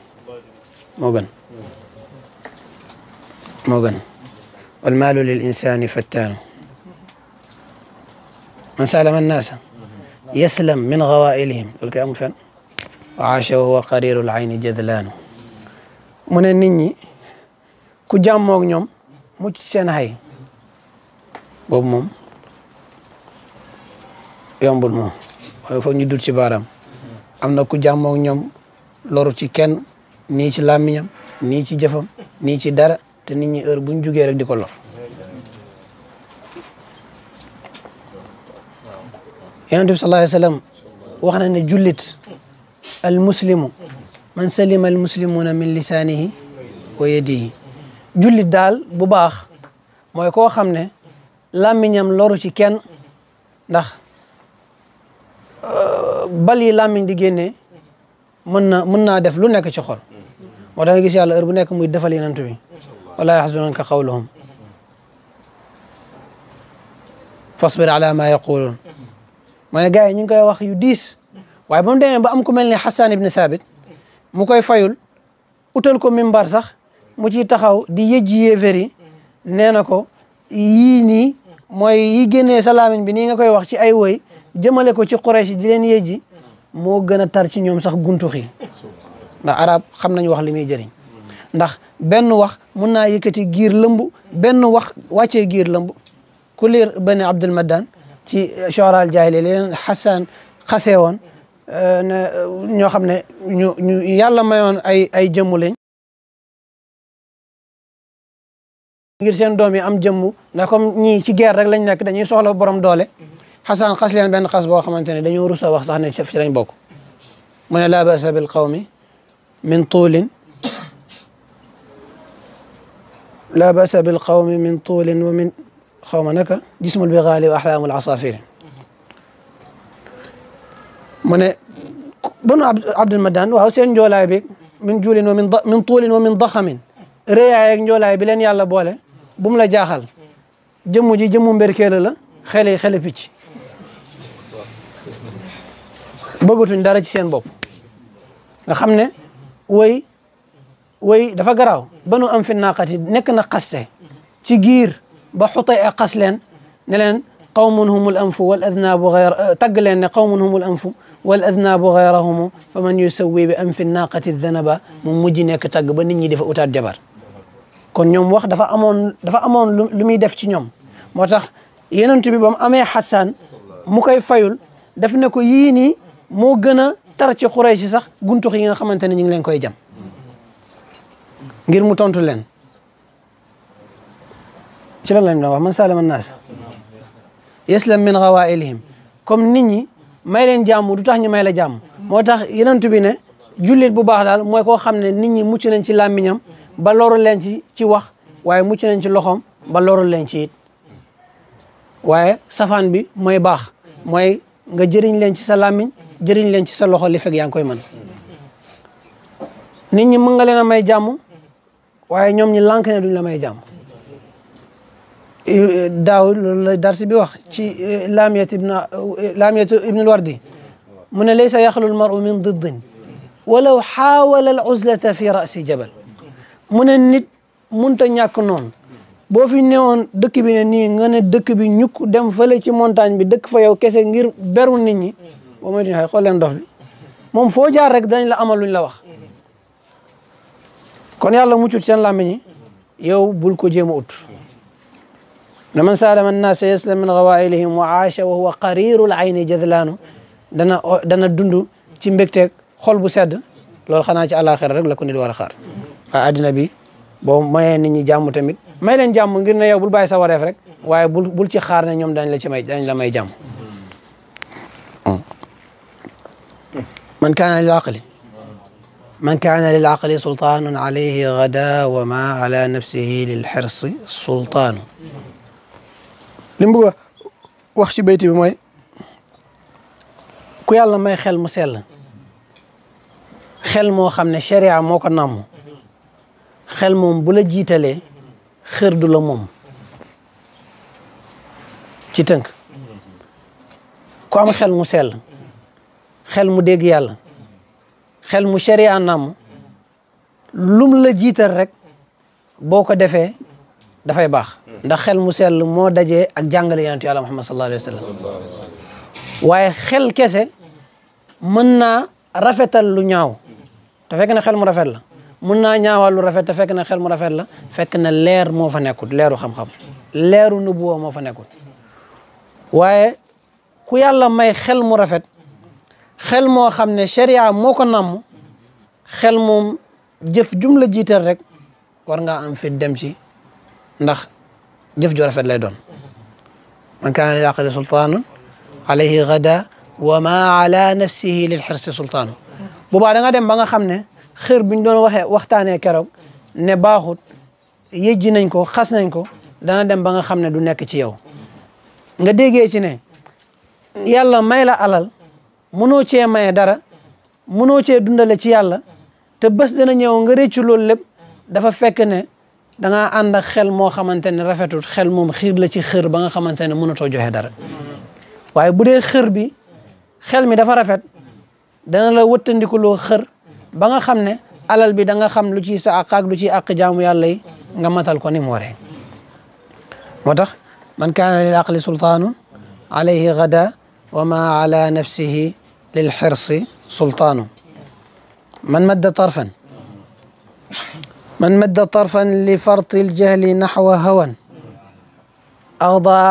mo gan mo gan wal malu lil من سلم الناس يسلم من غوائلهم الكلام فن وعاش وهو قرير العين جذلان من نيني كو جاموك نيوم موتي سين هاي بوب موم يوم بول foog ñu dut ci baaraam am na ku jàmmoog ñoom looru ci kenn nii ci làmmiñam nii ci jëfam nii ci dara te nit ñi heure bu ñu jugee rek di ko lor yonent bi sallallahu alayhi wax na ne jullit al muslimu man salima al muslimuna min lisaanihi wa yadihi jullit daal bu baax mooy koo xam ne làmmiñam loru ci kenn ndax bal yi làmmiñ di génnee mën na mën naa def lu nekk ci xol moo tax nga gis yàlla heure nekk muy defal yenentu bi walaa yaxzunanka qawluhum fasbir ala ma yaquluun ma ne gars yi ñu ngi wax yu diis waaye ba mu demee ba am ku mel ne Hassan ibn Sabit mu koy fayul utal ko mimbar sax mu ciy taxaw di yëjji yéefér yi ko yii nii mooy yi génnee sa bi nii nga koy wax ci ay woy jëmale ko ci Quraysh di leen yéeji moo gën a tar ci ñoom sax guntu xi ndax arab xam nañu wax li muy jëriñ ndax benn wax mun naa yëkkati giir lëmb benn wax wacce giir lëmb ku liir bani Abdul Maddan ci eh, shoral jaahili li leen xase xasee woon eh, eh, ñoo xam ne ñu ñu yàlla mayoon ay ay jëmmu lañ ngir seen doom yi am jëmmu ndax comme ñii ci guerre rek lañ nekk dañuy soxla borom doole xasan xas leen benn xas boo xamante ne dañoo rusa wax sax ne ci lañ bokk mu ne laa basa bil qawmi min tuulin laa basa bil qawmi min tuulin wa min xaw ma naka jismul bi xaali wa axlaamul asafiri mu ne banu abdul madan waaw seen njoolaay bi min juulin wa min min tuulin wa min daxamin réyaay ak njoolaay bi leen yàlla boole bu mu la jaaxal jëmmu ji jëmmu mberkeela la xeli xeli picc bëggatuñ dara ci seen bopp nga xam ne way way dafa garaaw ba nu am fi naaqati nekk na xaste ci giir ba xutay a xas leen ne leen qawmun humul anfu wal adnaabu xayra tagg leen ne qawmun humul anfu wal adnaabu xayrahumu fa man yusawi bi am fi naaqati danaba mu mujj nekk tagg ba nit ñi dafa utaat jabar kon ñoom wax dafa amoon dafa amoon lu muy def ci ñoom moo tax yenentu bi ba mu amee xasaan mu koy fayul daf ne ko yii nii moo gën a tar ci xurey si sax guntux yi nga xamante ne ñu ngi leen koy jam ngir mu tontu leen ci la lañ doon wax man salama naas yeslam min gawailihim comme nit ñi may leen jàmm du tax ñu may la jàmm moo tax yenentu bi ne jullit bu baax daal mooy koo xam ne nit ñi mucc nañ ci làmmiñam ba loru leen ci ci wax waaye mucc nañ ci loxoom ba loru leen ci it waaye safaan bi mooy baax mooy nga jëriñ leen ci sa làmmiñ jëriñ leen ci sa loxo li fekk yaa koy mën nit ñi mën nga leen a may jàmm waaye ñoom ñi lank ne duñ la may jàmm daaw darsi bi wax ci laamiyat ibn laamiyat ibn alwardi mu ne laysa yaxlu almaru min diddin walaw xaawala al uzlata fi rasi jabal mu ne nit munta ñàkk noonu boo fi newoon dëkk bi ne nii nga ne dëkk bi ñukk dem fële ci montagne bi dëkk fa yow kese ngir beru nit ñi boo moytuñ xay xool leen dof bi moom foo jaar rek dañ la amal luñ la wax kon yàlla muccut seen làmmiñ yi yow bul ko jéem a ut ne man saalama annaasa yaslam min gawailihim wa aasha wa huwa ayni jadlaanu dana dana dund ci mbégteeg xol bu sedd loolu xanaa ci àllaaxira rek la ko nit war a xaar bi boo mayee nit ñi jàmm tamit may leen jàmm ngir ne yow bul bàyyi sa rek waaye bul ci xaar ne ñoom dañ la ci may dañ la may jàmm man kaana lil aqli man kaana lil aqli sultaanun alayhi gada wa ma ala nafsihi lil xirsi sultaanu li mu bëgg a wax ci bayti bi mooy ku yàlla may xel mu sell xel moo xam ne sharia moo ko nàmm xel moom bu la jiitalee xër du la moom ci tënk ku am xel mu sell xel mu dégg yàlla xel mu sharia namm lum la jiital rek boo ko defee dafay baax ndax xel mu sell moo dajee ak jàngale yonentu yàlla Muhammad sallallahu alayhi wasallam sallam waaye xel kese mën naa rafetal lu ñaaw te fekk na xel mu rafet la mën naa ñaawal lu rafet te fekk na xel mu rafet la fekk na leer moo fa nekkut leeru xam-xam leeru nubuwa moo fa nekkut waaye ku yàlla may xel mu rafet xel moo xam ne sharia moo ko namm xel moom jëf jum la jiital rek war nga am fit dem ci ndax jëf ju rafet lay doon man kaana lilaaqati sultaanu alayhi gada wa ma ala nafsihi dem ba nga xam ne xër biñ doon waxee waxtaanee keroog ne baaxut yeji nañ ko xas nañ ko dana dem ba nga xam ne du nekk ci yow nga déggee ci ne yàlla may la alal mënoo cee maye dara mënoo cee dundale ci yàlla te bés dana ñëw nga réccu loolu lépp dafa fekk ne da ngaa ànd ak xel moo xamante ne rafetul xel moom xiir la ci xër ba nga xamante ne mënatoo joxe dara waaye bu dee xër bi xel mi dafa rafet dana la wëttandikuloo xër ba nga xam ne alal bi da nga xam lu ci sa àq ak lu ci àq jaamu yàlla yi nga matal ko ni mu waree moo tax man kaana lil aqli sultaanun alayhi gada wa ma ala nafsihi للحرص سلطانه من مد طرفا من مد طرفا لفرط الجهل نحو هوى أغضى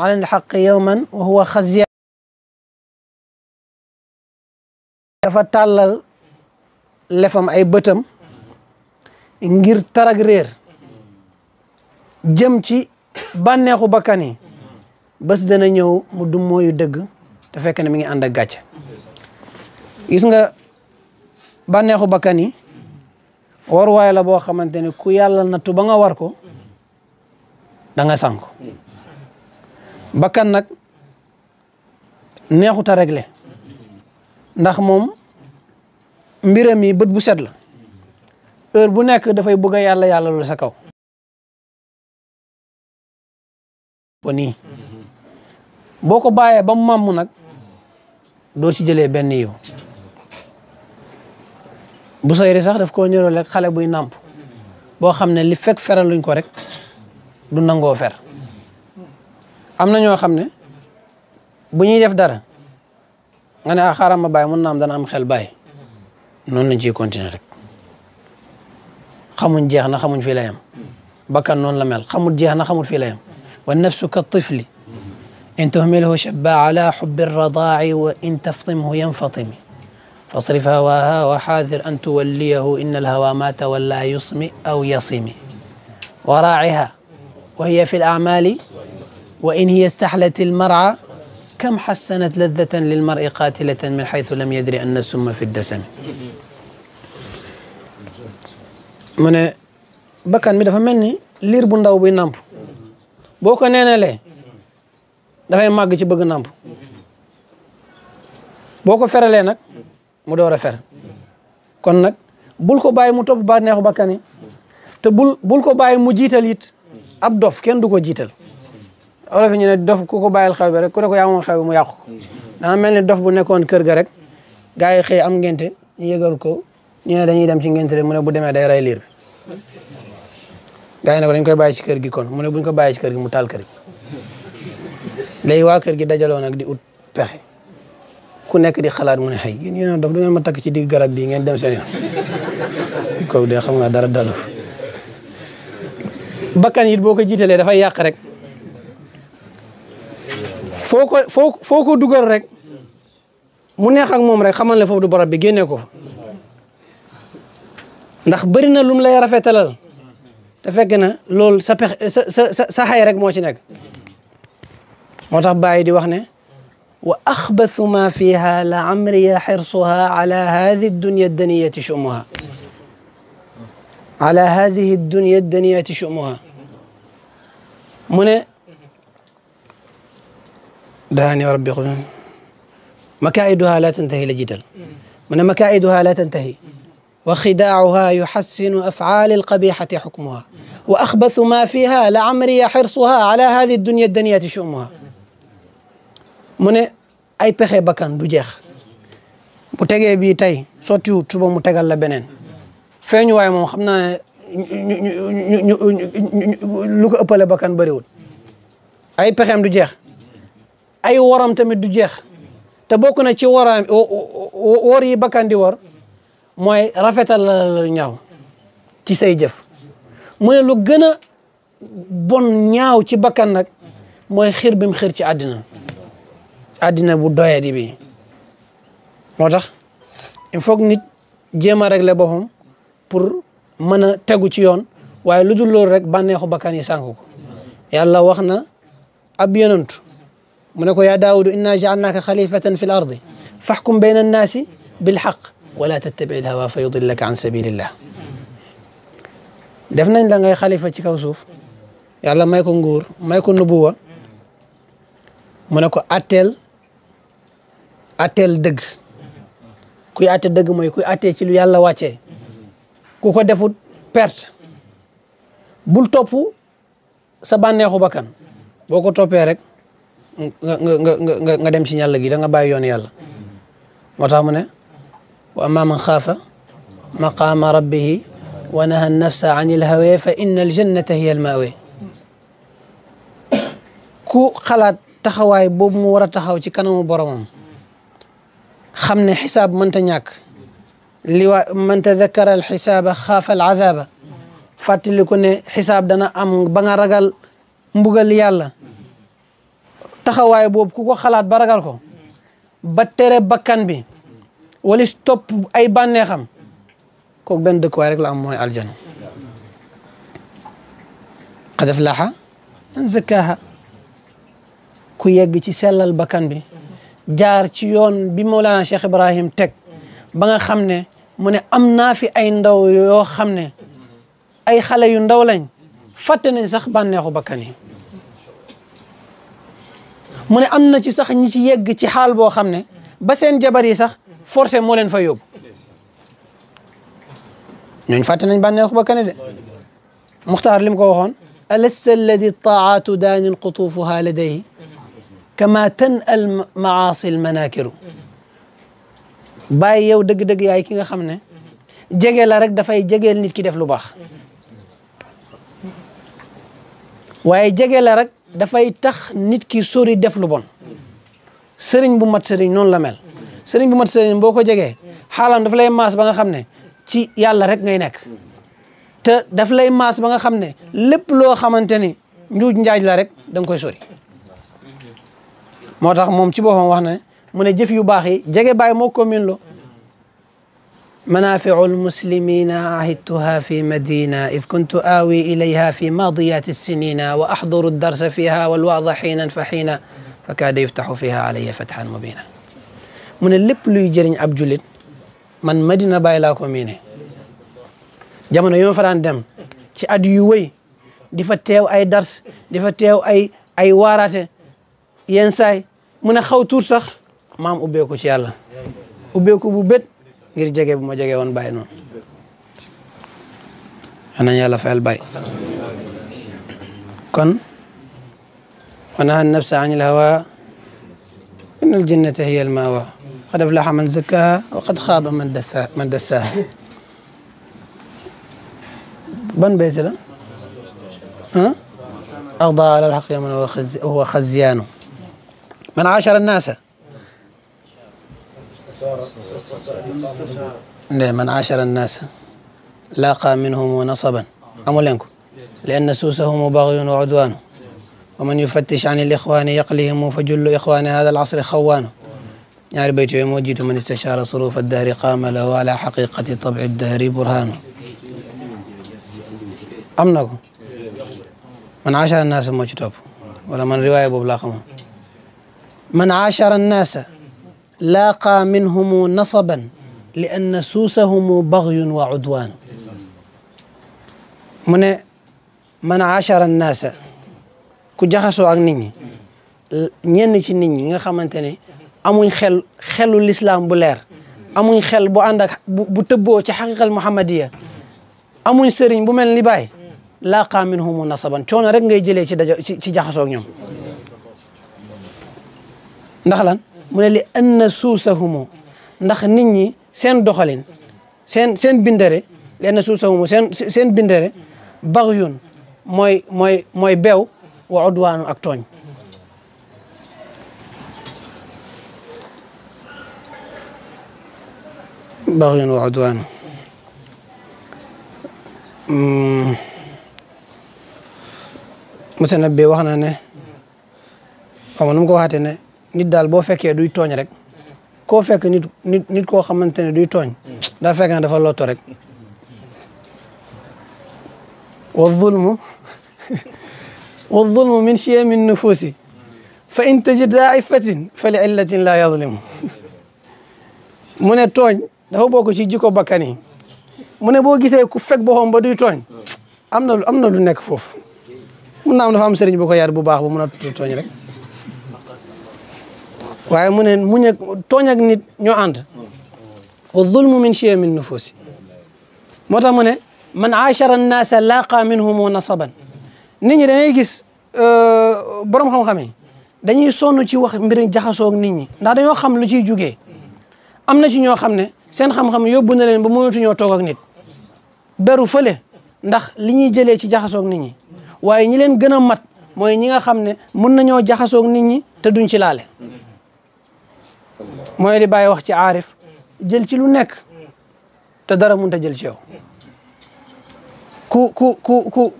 عن الحق يوما وهو خزي فتال لفم أي بتم انجير ترق جمتي بان بكاني بس دنا نيو مدمو يدق da fekk ne mi ngi ànd ak gàcc gis nga bànneexu bakkan yi waruwaay la boo xamante ne ku yàlla nattu ba nga war ko da nga sànku bakkan nag neexut ta régler ndax moom mbiram yi bët bu set la heure bu nekk dafay bëgg a yàlla yàlla lu sa kaw bo nii boo ko bàyyee ba mu màmm nag do ci jëlé ben yiw bu sayri sax daf ko ñëro lek xale buy nàmp bo xamné li fek feral luñ ko rek du nango fer amna ño xamné bu ñuy def dara nga ne xaram xaaral ma bàyyi mun na dana am xel bàyyi non lañ ci continuer rek xamuñ jeex na xamuñ fi lay am bakkan non la mel xamul jeex na xamul fi lay am wa nafsuka tifli إن تهمله شب على حب الرضاع وإن تفطمه ينفطم فاصرف هواها وحاذر أن توليه إن الهوى ما تولى يصمي أو يصم وراعها وهي في الأعمال وإن هي استحلت المرعى كم حسنت لذة للمرء قاتلة من حيث لم يدري أن السم في الدسم من بكن مدفع مني لير بنداو بينامبو بوكو نينا ليه dafay màgg ci bëgg nàmp boo ko feralee nag mu door a fer kon nag bul ko bàyyi mu topp ba neexu bakkan yi te bul bul ko bàyyi mu jiital yit ab dof kenn du ko jiital olof ñu ne dof ku ko bàyyil xew rek ko yaa moom xew mu yàqu ko mel ni dof bu nekkoon kër ga rek gars yi xëy am ngente ñu yëgal ko ñu ne dañuy dem ci ngente de mu ne bu demee day rey liir bi gars yi ko dañ koy bàyyi ci kër gi kon mu ne buñ ko bàyyi ci kër gi mu taal kër gi lay wa kër gi dajalo nak di ut pexé ku nek di xalaat mu ne hay yeen yeen dafa dof ngeen ma tak ci dig garab bi ngeen dem sen yoon ko de xam nga dara dalu bakkan it boko ko dafa dafay rek foko foko foo dugal rek mu neex ak mom rek xamal ne fofu du barab bi génnee ko ndax bari na lum lay rafetalal te fekk na lol sa sa sa hay rek mo ci nek moo tax bàyyi di wax ne wa axbathu ma fiha la amriya xirsuha ala hadi dunya daniyati shumuha ala hadihi dunya daniyati shumuha وربي يقول مكائدها لا تنتهي لجدل من مكائدها لا تنتهي وخداعها يحسن أفعال القبيحة حكمها وأخبث ما فيها لعمري حرصها على هذه الدنيا الدنيا شؤمها mu ne ay pexe bakkan du jeex bu tegee bii tey sottiwut suba mu tegal la beneen feeñu waaye moom xam naa lu ko ëppale bakkan bëriwul ay pexeem du jeex ay woram tamit du jeex te bokk na ci waraam wor bakkan di wor mooy rafetal la la ñaaw ci say jëf mu ne lu gën a bon ñaaw ci bakkan nag mooy xir bim xir ci àddina adina bu doyadi bi motax il faut nit jema a régler bopam pour meuna teggu ci yoon waye luddul dul rek banexu bakkan yi sànq yàlla waxna ab yonantu muneko ya ko yaa daawudu inna jaalnaaka xalifatan fi l ardi faxkum bayna annaasi bilxaq wala tattabi il hawa fa yudillaka an sabilillah def nañ la ngay xalifa ci kaw suuf yàlla may ko nguur may ko nubuwa mu ne atteel dëgg kuy atte dëgg mooy kuy attee ci lu yàlla wàccee ku ko defu perte bul topp sa bànneexu bakkan boo ko toppee rek nga nga nga dem ci ñàll gi da nga bàyyi yoon yàlla moo tax mu ne wa amma man xaafa maqaama rabbihi wa naha nafsa an il fa inna al hiya al ku xalaat taxawaay boobu mu war a taxaw ci kanamu boromam xam ne xisaab mënta ñàkk li waa man tadakkara al xisaaba xaafa al azaaba fàttaliku ne xisaab dana am ba ragal mbugal yàlla taxawaay boobu ku ko xalaat ba ragal ko ba tere bakkan bi wala top ay bànneexam kooku benn dëkkuwaay rek la am mooy aljana qad aflaha man zakkaaha ku yegg ci sellal bakkan bi jaar ci yoon bi Mawlana Cheikh Ibrahim teg ba nga xam ne mu ne am naa fi ay ndaw yoo xam ne ay xale yu ndaw lañ fàtte nañ sax bànneexu bakkan yi mu ne am na ci sax ñi ci yegg ci xaal boo xam ne ba seen jabar yi sax forcé moo leen fa yóbbu ñooñ fàtte nañ bànneexu bakkan de muxtaar li mu ko waxoon alasta alladi taatu daanin qutuufuha ladayhi kama tan al maasi al manakiru bàyyi yow dëgg-dëgg yaay ki nga xam ne jege la rek dafay jegeel nit ki def lu baax waaye jege la rek dafay tax nit ki sori def lu bon sëriñ bu mat sëriñ noonu la mel sëriñ bu mat sëriñ boo ko jegee xaalam daf lay maas ba nga xam ne ci yàlla rek ngay nekk te daf lay maas ba nga xam ne lépp loo xamante ni njuuj njaaj la rek da koy sori moo tax moom ci boppam wax na mu ne jëf yu baax yi jege baay moo commune lo منافع المسلمين عهدتها في مدينة إذ كنت آوي إليها في ماضيات السنين وأحضر الدرس فيها والوعظ حينا فحينا فكاد يفتح فيها علي فتحا مبينا من اللب لي جرين أب جلد من مدينة باي لا كوميني jamono yi ma faraan dem ci at yu wéy di fa teew ay dars di fa teew ay ay waaraate yenn saay من خاو تور صح ما أم أبيه كشي الله أبيه كوبيت غير جاكي بما وان باي أنا يا فعل باي كن ونهى النفس عن الهوى إن الجنة هي المأوى قد أفلح من زكاها وقد خاب من دسا من دساها بن بيت له ها أغضى على الحق يوم هو خزيانه من عاشر الناس من عاشر الناس لاقى منهم نصبا أمولينكم لأن سوسهم بغي وعدوان ومن يفتش عن الإخوان يقلهم فجل إخوان هذا العصر خوان يعني بيت عموجد من استشار صروف الدهر قام له على حقيقة طبع الدهر برهان أمنكم من عاشر الناس موجتوب ولا من رواية ببلاقهم man aachara annaasa laaqaa minhumu nasaban li anna suusahumu baxyun wa udwaan mu ne man aachara annaasa ku jaxasoo ak nit ñi ñenn ci nit ñi nga xamante ne amuñ xel xelu lislaam bu leer amuñ xel bu ànd ak bu tëbboo ci xaqiqal muhammadiya amuñ seriñ bu mel ni baay laaqaa minhumu nasaban coono rek ngay jëlee ci dajo ci jaxasoo ak ñoom ndax lan mu ne li anna suusahumu ndax nit ñi seen doxalin seen seen bindare li anna suusahumu seen seen bindare baxyun mooy beew wa udwaanu ak tooñ baxyun wa udwaanu hmm. mutanabbi wax na ne xaw ma nu mu ko ne nit daal boo fekkee duy tooñ rek koo fekk nit nit koo xamante ne duy tooñ daa fekk ne dafa lotto rek wa zulmu wa zulmu min chiami nufuusi fa in tajid daifatin fa li illatin laa yazlimu mu ne tooñ dafa bokk ci jikko bakkan yi ne boo gisee ku fekk boppam ba duy tooñ am na lu am na lu nekk foofu mun naa am dafa am sëriñ bu ko yar bu baax ba mun a tudd tooñ rek waaye mu ne muñ ak tooñ ak nit ñoo ànd wa zulmu min shay'in min nufusi moo tax mu ne man aachara annaasa laaqa minhumu nasaban nit ñi dangay gis euh, borom xam-xam yi dañuy sonn ci wax mbiri jaxasoog nit ñi ndax dañoo xam lu ciy jugee am na ci ñoo xam ne seen xam-xam yóbbu na leen ba mënatuñoo toog ak nit beru fële ndax li ñuy jëlee ci jaxasoog nit ñi waaye ñi leen gën a mat mooy ñi nga xam ne mën nañoo jaxasoog nit ñi te duñ ci laale mooy li bàyyi wax ci aarif jël ci lu nekk te dara mënut a jël ci yow ku ku ku ku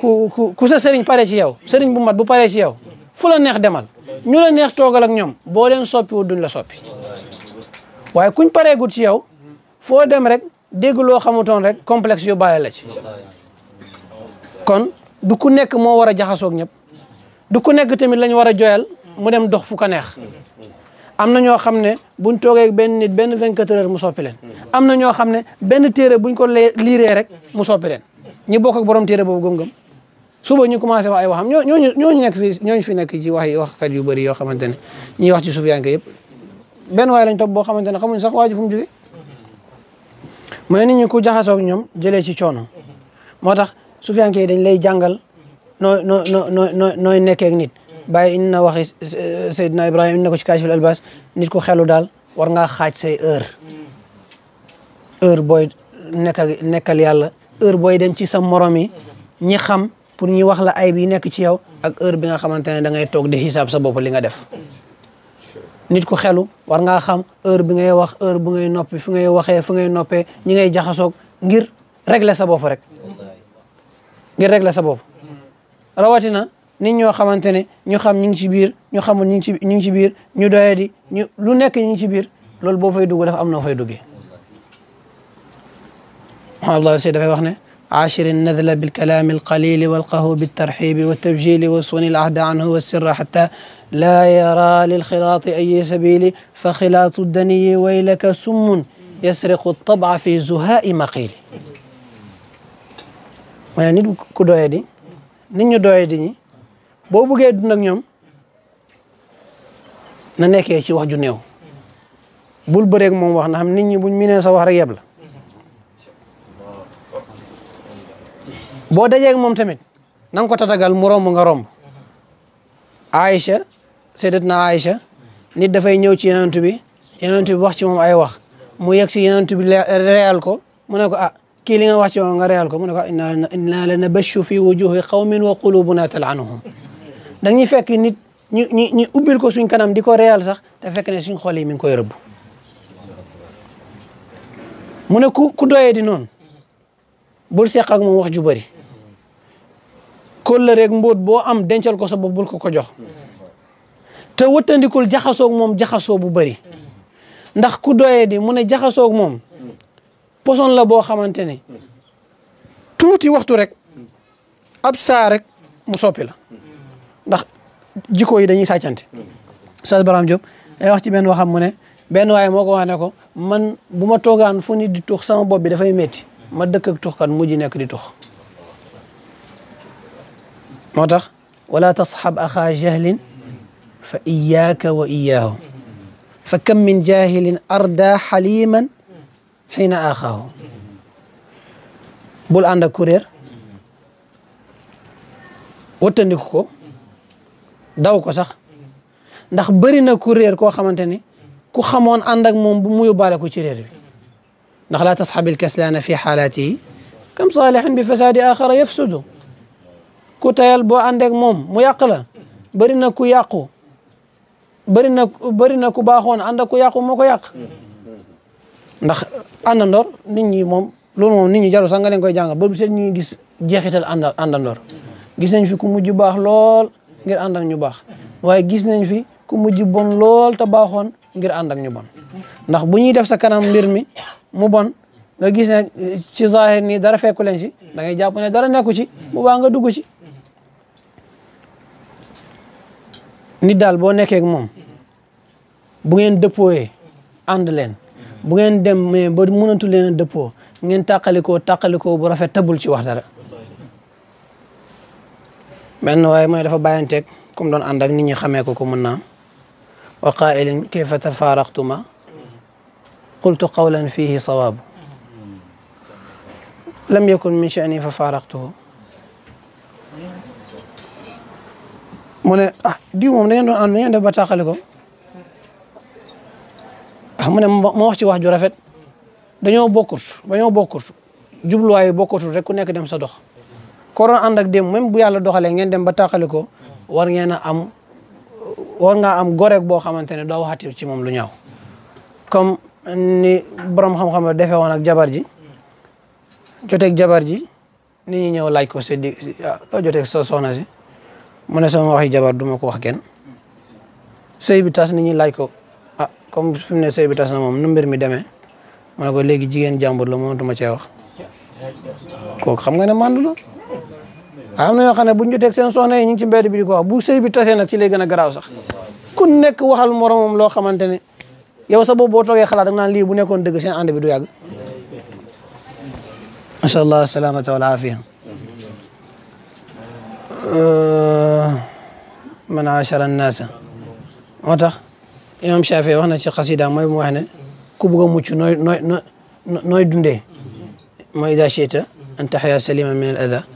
ku ku sa sëriñ pare ci yow sëriñ bu mat bu pare ci yow fu la neex demal ñu la neex toogal ak ñoom boo leen soppiwul duñ la soppi waaye kuñ pareegul ci yow foo dem rek dégg loo xamutoon rek complexe yu bàyyi la ci kon du ku nekk moo war a jaxasoog ñëpp du ku nekk tamit lañu war a joyal mu dem dox fu ko neex am na ñoo xam ne buñ toogee benn nit benn 24 heures mu soppi am na ñoo xam ne benn téere bu buñ ko liiree rek mu soppi leen ñi bokk ak borom téere boobu gëm-gëm suba ñu commencé wax ay waxam ñooñu ñooñu nekk fii ñooñu fi nekk ci wax yi yu bëri yoo xamante ne ñuy wax ci suuf yaa benn waay lañ topp boo xamante ne xamuñ sax waa ji fu mu jógee mu ne nit ñi ku ñoom jëlee ci coono moo tax sufiyanke yi dañ lay jàngal noo noo noo noo nooy nekkee ak nit bàyyi indi na waxi eh, Seydina Ibrahima indi na ko ci Kaashiful Albaas nit ku xelu daal war ngaa xaaj say heure heure booy nekkal yàlla heure booy dem ci sa morom yi ñi xam pour ñu wax la ay bi nekk ci yow ak heure bi nga xamante ne da ngay toog di xisaab sa bopp li nga def nit ku xelu war ngaa xam heure bi ngay wax heure bu ngay noppi fu ngay waxee fu ngay noppee ñi ngay jaxasoog ngir régler sa bopp rek ngir régler sa bopp rawatina nit ñoo xamante ne ñu xam ñu ngi ci biir ñu xamul ñu ngi ci ñu ngi ci biir ñu doyadi ñu lu nekk ñu ngi ci biir loolu boo fay dugg dafa am noo fay duggee Allahu Seydi dafay wax ne عاشر النذل بالكلام القليل والقه بالترحيب والتبجيل وصون العهد عنه والسر حتى لا يرى للخلاط أي سبيل فخلاط الدني ويلك سم يسرق الطبع في زهاء مقيل nit ku doye di nit ñu doye di ñi boo buggee dund ak ñoom na nekkee ci wax ju néew bul bëreeg moom wax na xam nit ñi buñ minee sa wax rek yeb boo dajeeg moom tamit na nga ko tatagal mu romb nga romb Aïcha Sayyidatna Aïcha nit dafay ñëw ci Yonent bi wax ci moom ay wax mu yegg si Yonent bi reyal ko mu ne ko ah kii li nga wax ci moom nga reyal ko mu ne ko ah inna la nabashu fi wujuhi qawmin wa qulubuna tal'anuhum da ñuy fekk nit ñu ñu ñu ubbil ko suñ kanam di ko réyal sax te fekk ne suñ xol ngi koy rëbb mu ne ku ku doyee di noonu bul seq ak moom wax ju bëri rek mbóot boo am dencal ko sa bopp bul ko ko jox te wëttandikul jaxasoog moom jaxasoo bu bari ndax ku doyee di mu ne jaxasoog moom poson la boo xamante ne tuuti waxtu rek ab saa rek mu soppi la ndax jikko yi dañuy sàccante Oustaz Barham Diop day wax ci benn waxam mu ne benn waaye moo ko wax ne ko man bu ma toogaan fu nit di tux sama bopp bi dafay metti ma dëkk ak tux kan mujj nekk di tux moo tax wala tasxab axaa jahlin fa iyaaka wa iyaahu fa kam min jahilin arda xaliman xiina axaahu bul ànd ak kuréer wattandiku ko daw ko sax ndax bari na ku réer koo xamante ni ku xamoon ànd moom bu mu yóbbaale ko ci réer bi ndax laa tasxabil kaslaana fi xaalaati kam saalihin bi fasaadi axara yafsudu ku tayal boo ànd moom mu yàq la bëri na ku yàqu bari na na ku baaxoon ànd ku yàqu moo ko yàq ndax àndandoor nit ñi moom loolu moom nit ñi jaru sax koy jàngal ba bu seet ngi gis jeexital ànd àndandoor gis nañ fi ku mujj baax lool ngir ànd ak ñu baax waaye gis nañ fi ku mujj bon lool te baaxoon ngir ànd ak ñu bon ndax bu ñuy def sa kanam mbir mi mu bon nga gis ne eh, ci zahir nii dara fekku leen ci da ngay jàpp ne dara nekku ci bu baax nga dugg ci nit daal boo nekkeek moom bu ngeen dëppooyee ànd leen bu ngeen dem mais ba mënatu leen dëppoo ngeen tàqalikoo tàqalikoo bu rafet tabul ci wax dara benn waaye mooy dafa bàyyanteeg ku mu doon ànd ak nit ñi xamee ko ko mun naa wa qaa'ilin kayfa tafaaraqtuma qultu qawlan fihi sawaabu lam yakun min sha'ni fa faaraqtuhu mu ne ah diw moom da ngeen doon ànd da ngeen def ba tàqale ko ah mu ne ma wax ci wax ju rafet dañoo bokkut dañoo bokkut jubluwaay yi bokkutul rek ku nekk dem sa dox koro doon ànd ak démb même bu yalla doxale ngeen dem ba ko war ngeena am war nga am gorek boo xamante ne doo waxati ci mom lu ñaw comme ni borom xam-xam defé won ak jabar ji ak jabar ji ni ñi ñew laaj ko do ah, jotté ak so sona si mu ne sama waxi jabar duma ko wax ken sey bi tass ni ñi laaj ko ah comme fi mu ne sëy bi tass na mom nu mbir mi demee mané ko légui jigen jambour la ntuma ci wax ko xam nga ne la amna na xane buñu tek bu ñu joteeg seen soxna yi ci mbéd bi di ko wax bu sëy bi tassé nak ci lay gëna graw sax ku nekk waxal moromum lo xamantene yow sa boobu boo toogee xalaat dag naan li bu nekkon deug seen ànd bi du yag ma sha allah salama ta wal aafiya man achara an-nas motax imam shafi waxna ci xasida moy mu waxne ku bëgg a mucc noy noy noy dundé moy da chita an taxya salima min al adha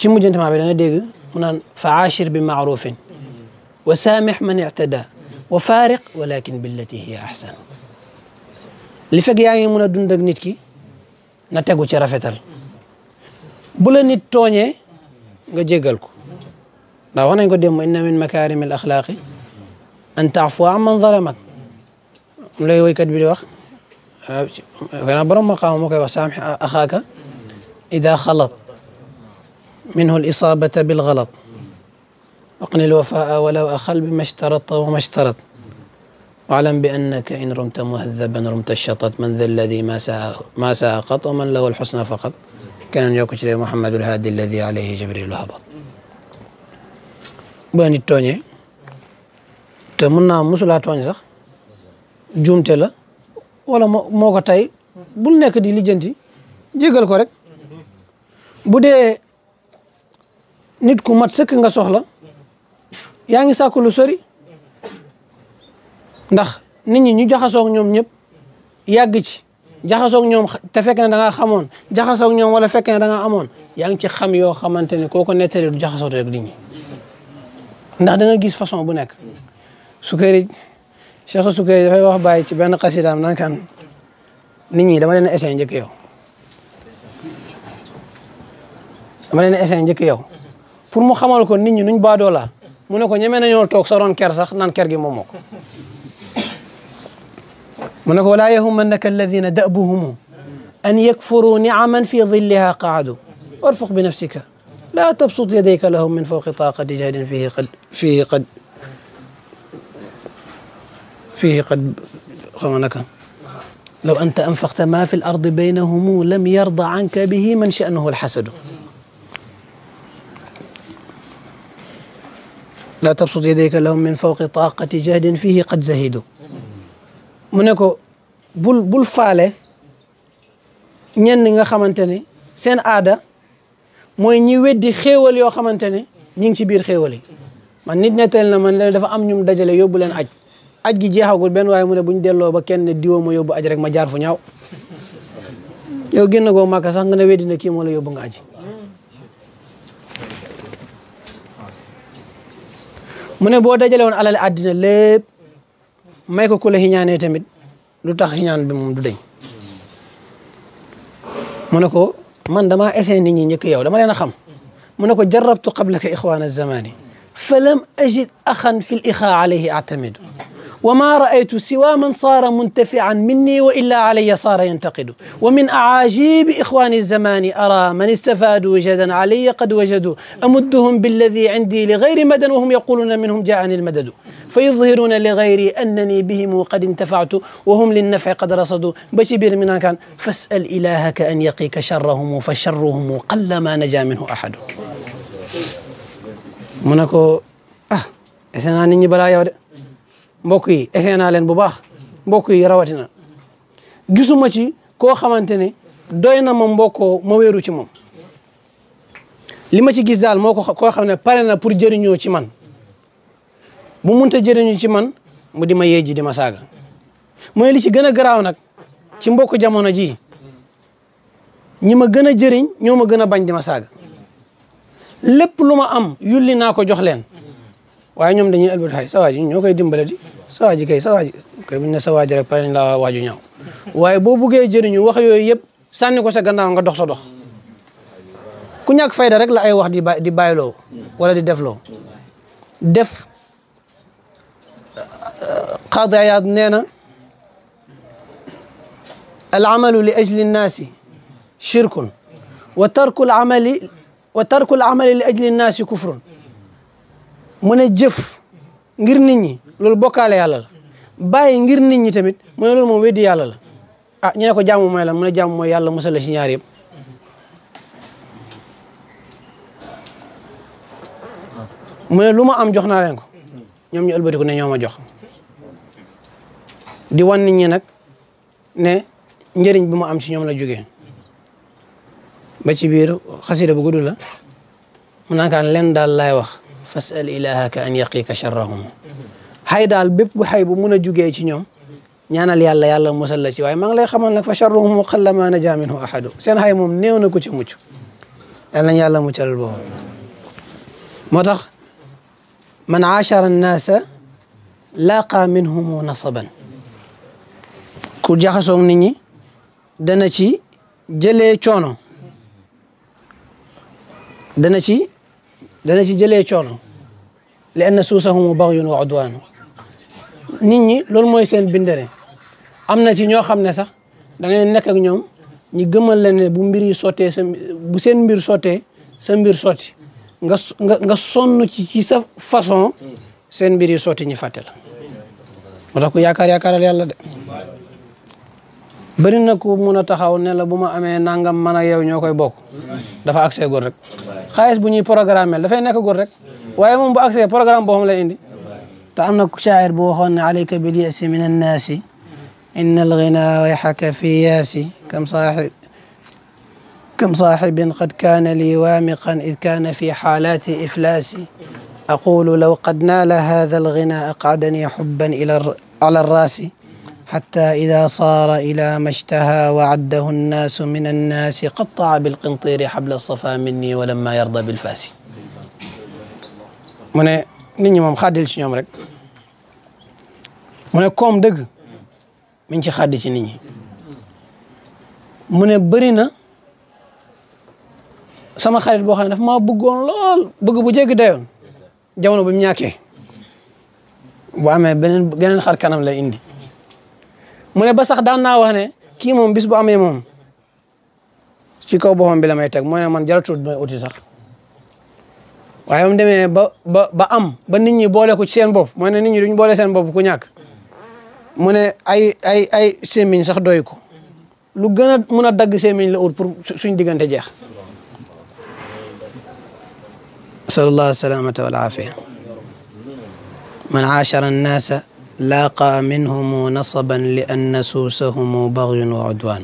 ci mujjantama bi da nga dégg mu naan fa aachir bi maarufin wa saamix man ictada wa faariq walakin billati hiya ahsan li fekk yaa ngi mun a dund ak nit ki na tegu ci rafetal bu la nit tooñee nga jéggal ko ndax wax nañ ko démb inna min makarim al axlaaqi an taafua an man zalamak mu lay woykat bi di wax xanaa borom ma xaama moo koy wax saamix axaaka ida xalat منه الإصابة بالغلط أقن الوفاء ولو أخل بما اشترط وما اشترط واعلم بأنك إن رمت مهذبا رمت الشطط من ذا الذي ما ساء ما ساء قط ومن له الحسنى فقط كان يوكش محمد الهادي الذي عليه جبريل هبط بني التوني تمنا مسلا توني صح tooñ sax ولا la wala moo ko tey كورك بودي nit ku mat sëkk nga soxla yaa ngi sàkku lu sori ndax nit ñi ñu jaxasoog ñoom ñëpp yàgg ci jaxasoog ñoom te fekk ne da ngaa xamoon jaxasoog ñoom wala fekkee ne da ngaa amoon yaa ngi ci xam yoo xamante ne koo ko nettali du jaxasooto ak nit ñi ndax da gis façon bu nekk Sukayri Cheikh Sukayri dafay wax bàyyi ci benn xasidaam naan kan nit ñi dama leen essayé njëkk yow dama leen essayé njëkk yow pour mu xamal ko nit ñi nuñ baado la mu ne ko ñemee nañu tok sa ron ker sax nan ker gi moom mu ne ko la yahum annaka alladhina da'buhum an yakfuru niaman fi dilliha qaadu warfuq bi nafsika laa tabsut yadayka lahum min fawqi taaqati jahdin fihi qad fihi qad fihi qad xama naka law anta anfaqta ma fi l ardi baynahum lam yarda anka bihi man laa tabsut yadayka lahum min fawqi taqati jahdin fihi qad zahidu mu ne ko bul bul faale ñenn nga xamante ne seen aada mooy ñi weddi xéewal yoo xamante ne ñi ngi ci biir xéewal yi man nit nettali na man leen dafa am ñum dajale yóbbu leen aj aj gi jeexagul benn waaye mu ne bu ñu delloo ba kenn diwoo ma yóbbu aj rek ma jaar fu ñaaw yow génn goo màkka sax nga ne weddi na kii moo la yóbbu nga aji mune bo dajale won alal adina lépp may ko ku la xiñaanee tamit lu tax xiñaan bi mum du deñ mu ko man dama essayé nit ñi ñëk yow dama leena xam mu ko jarabtu qablaka ikhwana zamani fa lam ajid axan fi l ixa alayhi atamidu وما رأيت سوى من صار منتفعا مني وإلا علي صار ينتقد ومن أعاجيب إخوان الزمان أرى من استفادوا جدا علي قد وجدوا أمدهم بالذي عندي لغير مدى وهم يقولون منهم جاءني المدد فيظهرون لغيري أنني بهم قد انتفعت وهم للنفع قد رصدوا بشبير من كان فاسأل إلهك أن يقيك شرهم فشرهم قلما نجا منه أحد منكو آه إسنا نيني بلا mbokk yi essayé naa leen bu baax mbokk yi rawatina gisuma ci koo xamante ne doy na ma mbokkoo ma weeru ci moom li ma ci gis daal moo ko koo xam ne pare na pour jariñoo ci man bu munta jëriñu ci man mu di ma yeeji di ma saaga mooy li ci gën a garaaw nag ci mbokk jamono ji ñi ma gën a jëriñ ñoo ma gën a bañ di ma saaga lépp lu ma am yulli naa ko jox leen waaye ñom dañuy albertay hay sawaji ñokay dimbale di sawaji kay sawaji kay buñ ne sawaji rek pare la waju ñaw waaye bo buggee jëriñu wax yoy yëpp sànni ko sa gannaaw nga dox sa dox ku ñak fayda rek la ay wax di di baylo wala di deflo def qaadi Iyaad nee na al amalu li ajli nnaasi shirkun wa tarku al amali wa tarku al amali li ajli nnaasi kufrun mu ne jëf ngir nit ñi loolu bokkaale yàlla la bàyyi ngir nit ñi tamit mu ne loolu moom weddi yàlla la ah ko jàmm mooy lan mu ne jàmm mooy yàlla musal la si ñaar yëpp mu ne lu mu am jox naa leen ko ñoom ñu ëlbatiku ne ñoo ma jox di wan nit ñi nag ne njëriñ bi mu am ci ñoom la jógee ba ci biir xasida bu gudd la mu naan leen daal laay wax fasal ilahaka an yaqiika charrahum xay daal bépp xay bu mun a jugee ci ñoom ñaanal yàlla yàlla musal la ci waaye maa ngi lay xamal nag fa charruhum xallama naja minhu ahadu seen xay moom néew na ku ci mucc yal nañ yàlla muccal boobu moo tax man aachara annaasa laaqa minhumu nasaban ku jaxasoog nit ñi dana ci jëlee coono dana ci dana ci jëlee coono li anna ba baxyun wa udwaanu nit ñi loolu mooy seen bindere am na ci ñoo xam ne sax danga ngay nekk ak ñoom ñi gëmal la ne bu mbir yi sottee sa bu seen mbir sottee sa mbir sotti nga nga sonn ci ci sa façon seen mbir yi sotti ñu fàtte la moo tax ku yaakaar yaakaaral de bëri na ku mun taxaw ne la buma amé nangam man ak yow ñokoy bok dafa accès gor rek xaliss bu ñuy programme da fay nek gor rek waye mom bu accès programme bo xam lay indi ta amna na shaa'ir bu waxoon ne alayka bil ya'si min annaasi inna al-ghinaa wayhaka fi yaasi kam saaxib كم صاحب قد كان لي وامقا اذ كان في حالات افلاس اقول لو قد نال هذا الغنى اقعدني حبا الى على الراس حتى إذا صار إلى ما اشتهى وعده الناس من الناس قطع بالقنطير حبل الصفا مني ولما يرضى بالفاس من نيني مام خادل شي نيوم رك من كوم دغ من شي خادل شي نيني من برينا سما خالد بو خاني ما بوغون لول بوغ بو جيغ ديو جامونو بيم نياكي وامي بنين بنين خار كانام لا اندي mu ne ba sax daan naa wax ne kii moom bis bu amee moom ci kaw boppam bi la may teg mooy ne man jaratul may uti sax waaye mu demee ba ba ba am ba nit ñi boole ko ci seen bopp mooy ne nit ñi duñ boole seen bopp ku ñàkk mu ne ay ay ay sax doy ko lu gën a mun a dagg sémiñ la ut pour suñ diggante jeex asalullah salaamata wal aafiya man aachara annaasa لاقى منهم نصبا لأن سوسهم بغي وعدوان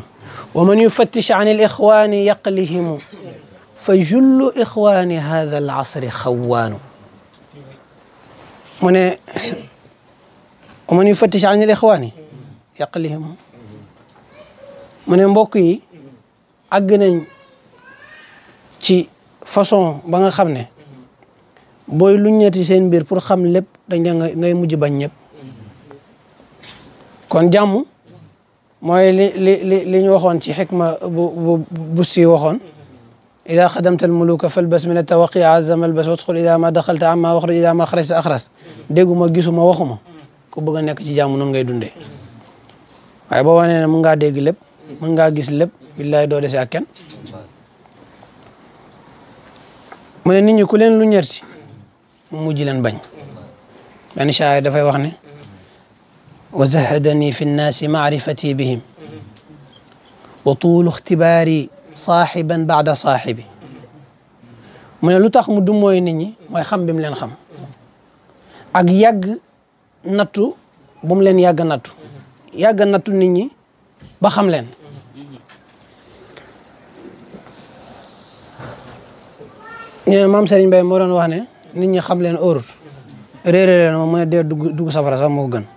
ومن يفتش عن الإخوان يقلهم فجل إخوان هذا العصر خوان من ومن يفتش عن الإخوان يقلهم من مبوكي أجنن تي façon بانا خامني بوي ne booy luñati seen mbir pour xam lépp dañ ngay mujj bañ kon jàmm mooy li li li li ñu waxoon ci xikma bu bu bu si waxoon ida xadamta almuluka falbas min altawaqi azama albas wadxul ida ma daxalta amma waxruj ida ma xarajta axras dégguma ma waxuma ku bëgg a nekk ci jàmm noonu ngay dundee waaye boo wanee ne mën ngaa dégg lépp ngaa gis lépp billaay doo dese ak kenn mu ne ku leen lu ñër si mu mujj leen bañ benn shaay dafay wax وزهدني في الناس معرفتي بهم وطول اختباري صاحبا بعد صاحبي من لوتاخ مو دموي نيني موي خام بيم لين خام اك ياغ ناتو بوم لين ياغ ناتو ياغ ناتو نيني با خام لين ني مام سيرين باي مودون واخني نيني خام لين اور ريري لين مو دوغ دوغ سافرا سا مو گن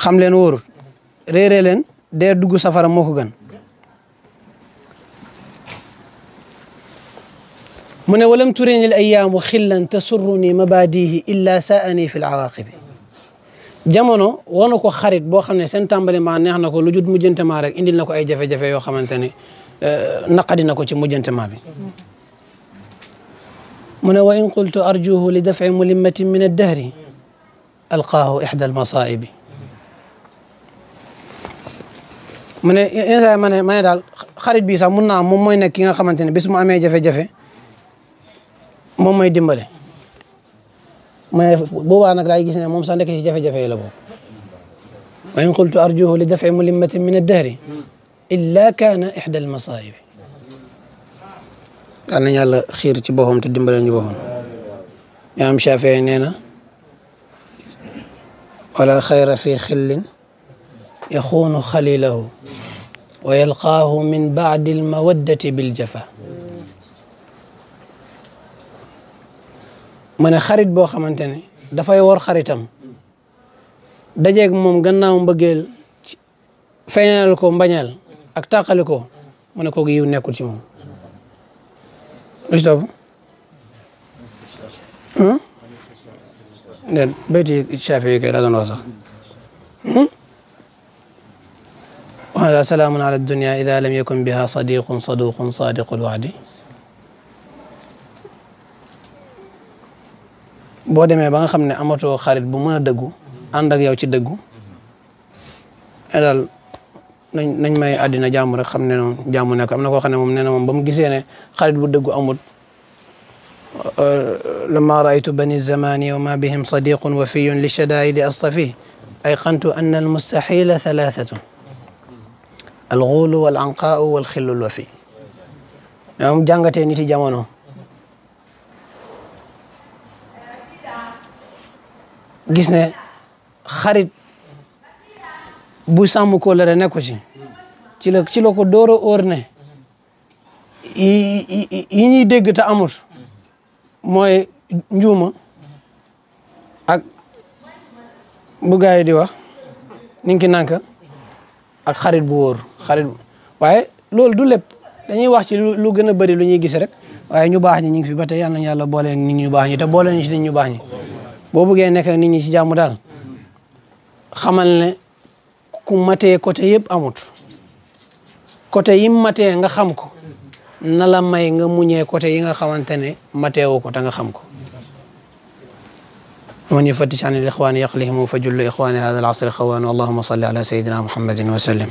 xam leen wóorul réeree leen dee dugg safara moo ko gën mu ne walam turini l ayaamu xillan tasurruni mabaadihi illa saani fi l awaaqibi jamono wana ko xarit boo xam ne seen tàmbali maa neex na ko lu jut mujjante maa rek indil na ko ay jafe-jafe yoo xamante ne eh, naqadi na ko ci mujjante maa bi mu ne wa in qultu arjuhu li dafci mulimmatin min addahri alqaahu ixda almasaa'ibi ma ne yenn saa yi ma ne ma ne daal xarit bii sax mun naa moom mooy nekk ki nga xamante ne bis mu amee jafe-jafe moom mooy dimbale mais boobaa nag laay gis ne moom sax nekk si jafe-jafe yi la boobu wa in qultu arjuhu li dafi mulimmatin min addahri illa kaana ixda almasaayibi yal nañu yàlla xiir ci boppam te dimbale ñu boppam imaam Shaafi'i nee na wala xayra fi xillin yaxuunu xalilahu wa yalqaahu min baadi almawaddati biljafa mu ne xarit boo xamante ne dafay wor xaritam dajeeg moom gannaaw mbëggeel feeñal ko mbañal ak tàqali ko mu ne kooku yiw nekkul ci moom lu ci topp den bayti laa doon wax وهذا سلام على الدنيا إذا لم يكن بها صديق صدوق صادق الوعد بو ديمي باغا خامني اماتو خريط بو مانا دغو اندك ياو سي دغو الال ماي ادينا جام رك خامني نون جام نيك امنا كو خامني موم نينا موم بام غيسي ني لما رايت بني الزمان وما بهم صديق وفي للشدائد الصفي ايقنت ان المستحيل ثلاثه alxuulu wal anqaau wal xillul wafi ñoom jàngatee niti jamono gis ne xarit bu sàmm kóllëre nekku ci ci la ci la ko door a óor yi ñuy dégg te amut mooy njuuma ak bu gaay di wax ninki nanka ak xarit bu wóor xarit waye lolou du lépp dañuy wax ci lu gëna bari lu ñuy gis rek waye ñu bax ñi ñu fi ba yalla yal yàlla boole nit ñu bax ñi te boole ñu ci ñu bax ñi boo bëggee nekk nit ñi ci jàmm daal xamal ne ku matee côté yëpp amut côté yi matee nga xam ko na la may nga muñee côté yi nga xamante ne mateewoo ko te nga xam ko ومن يفتش عن الإخوان يقلهم فجل إخوان هذا العصر خوان اللهم صل على سيدنا محمد وسلم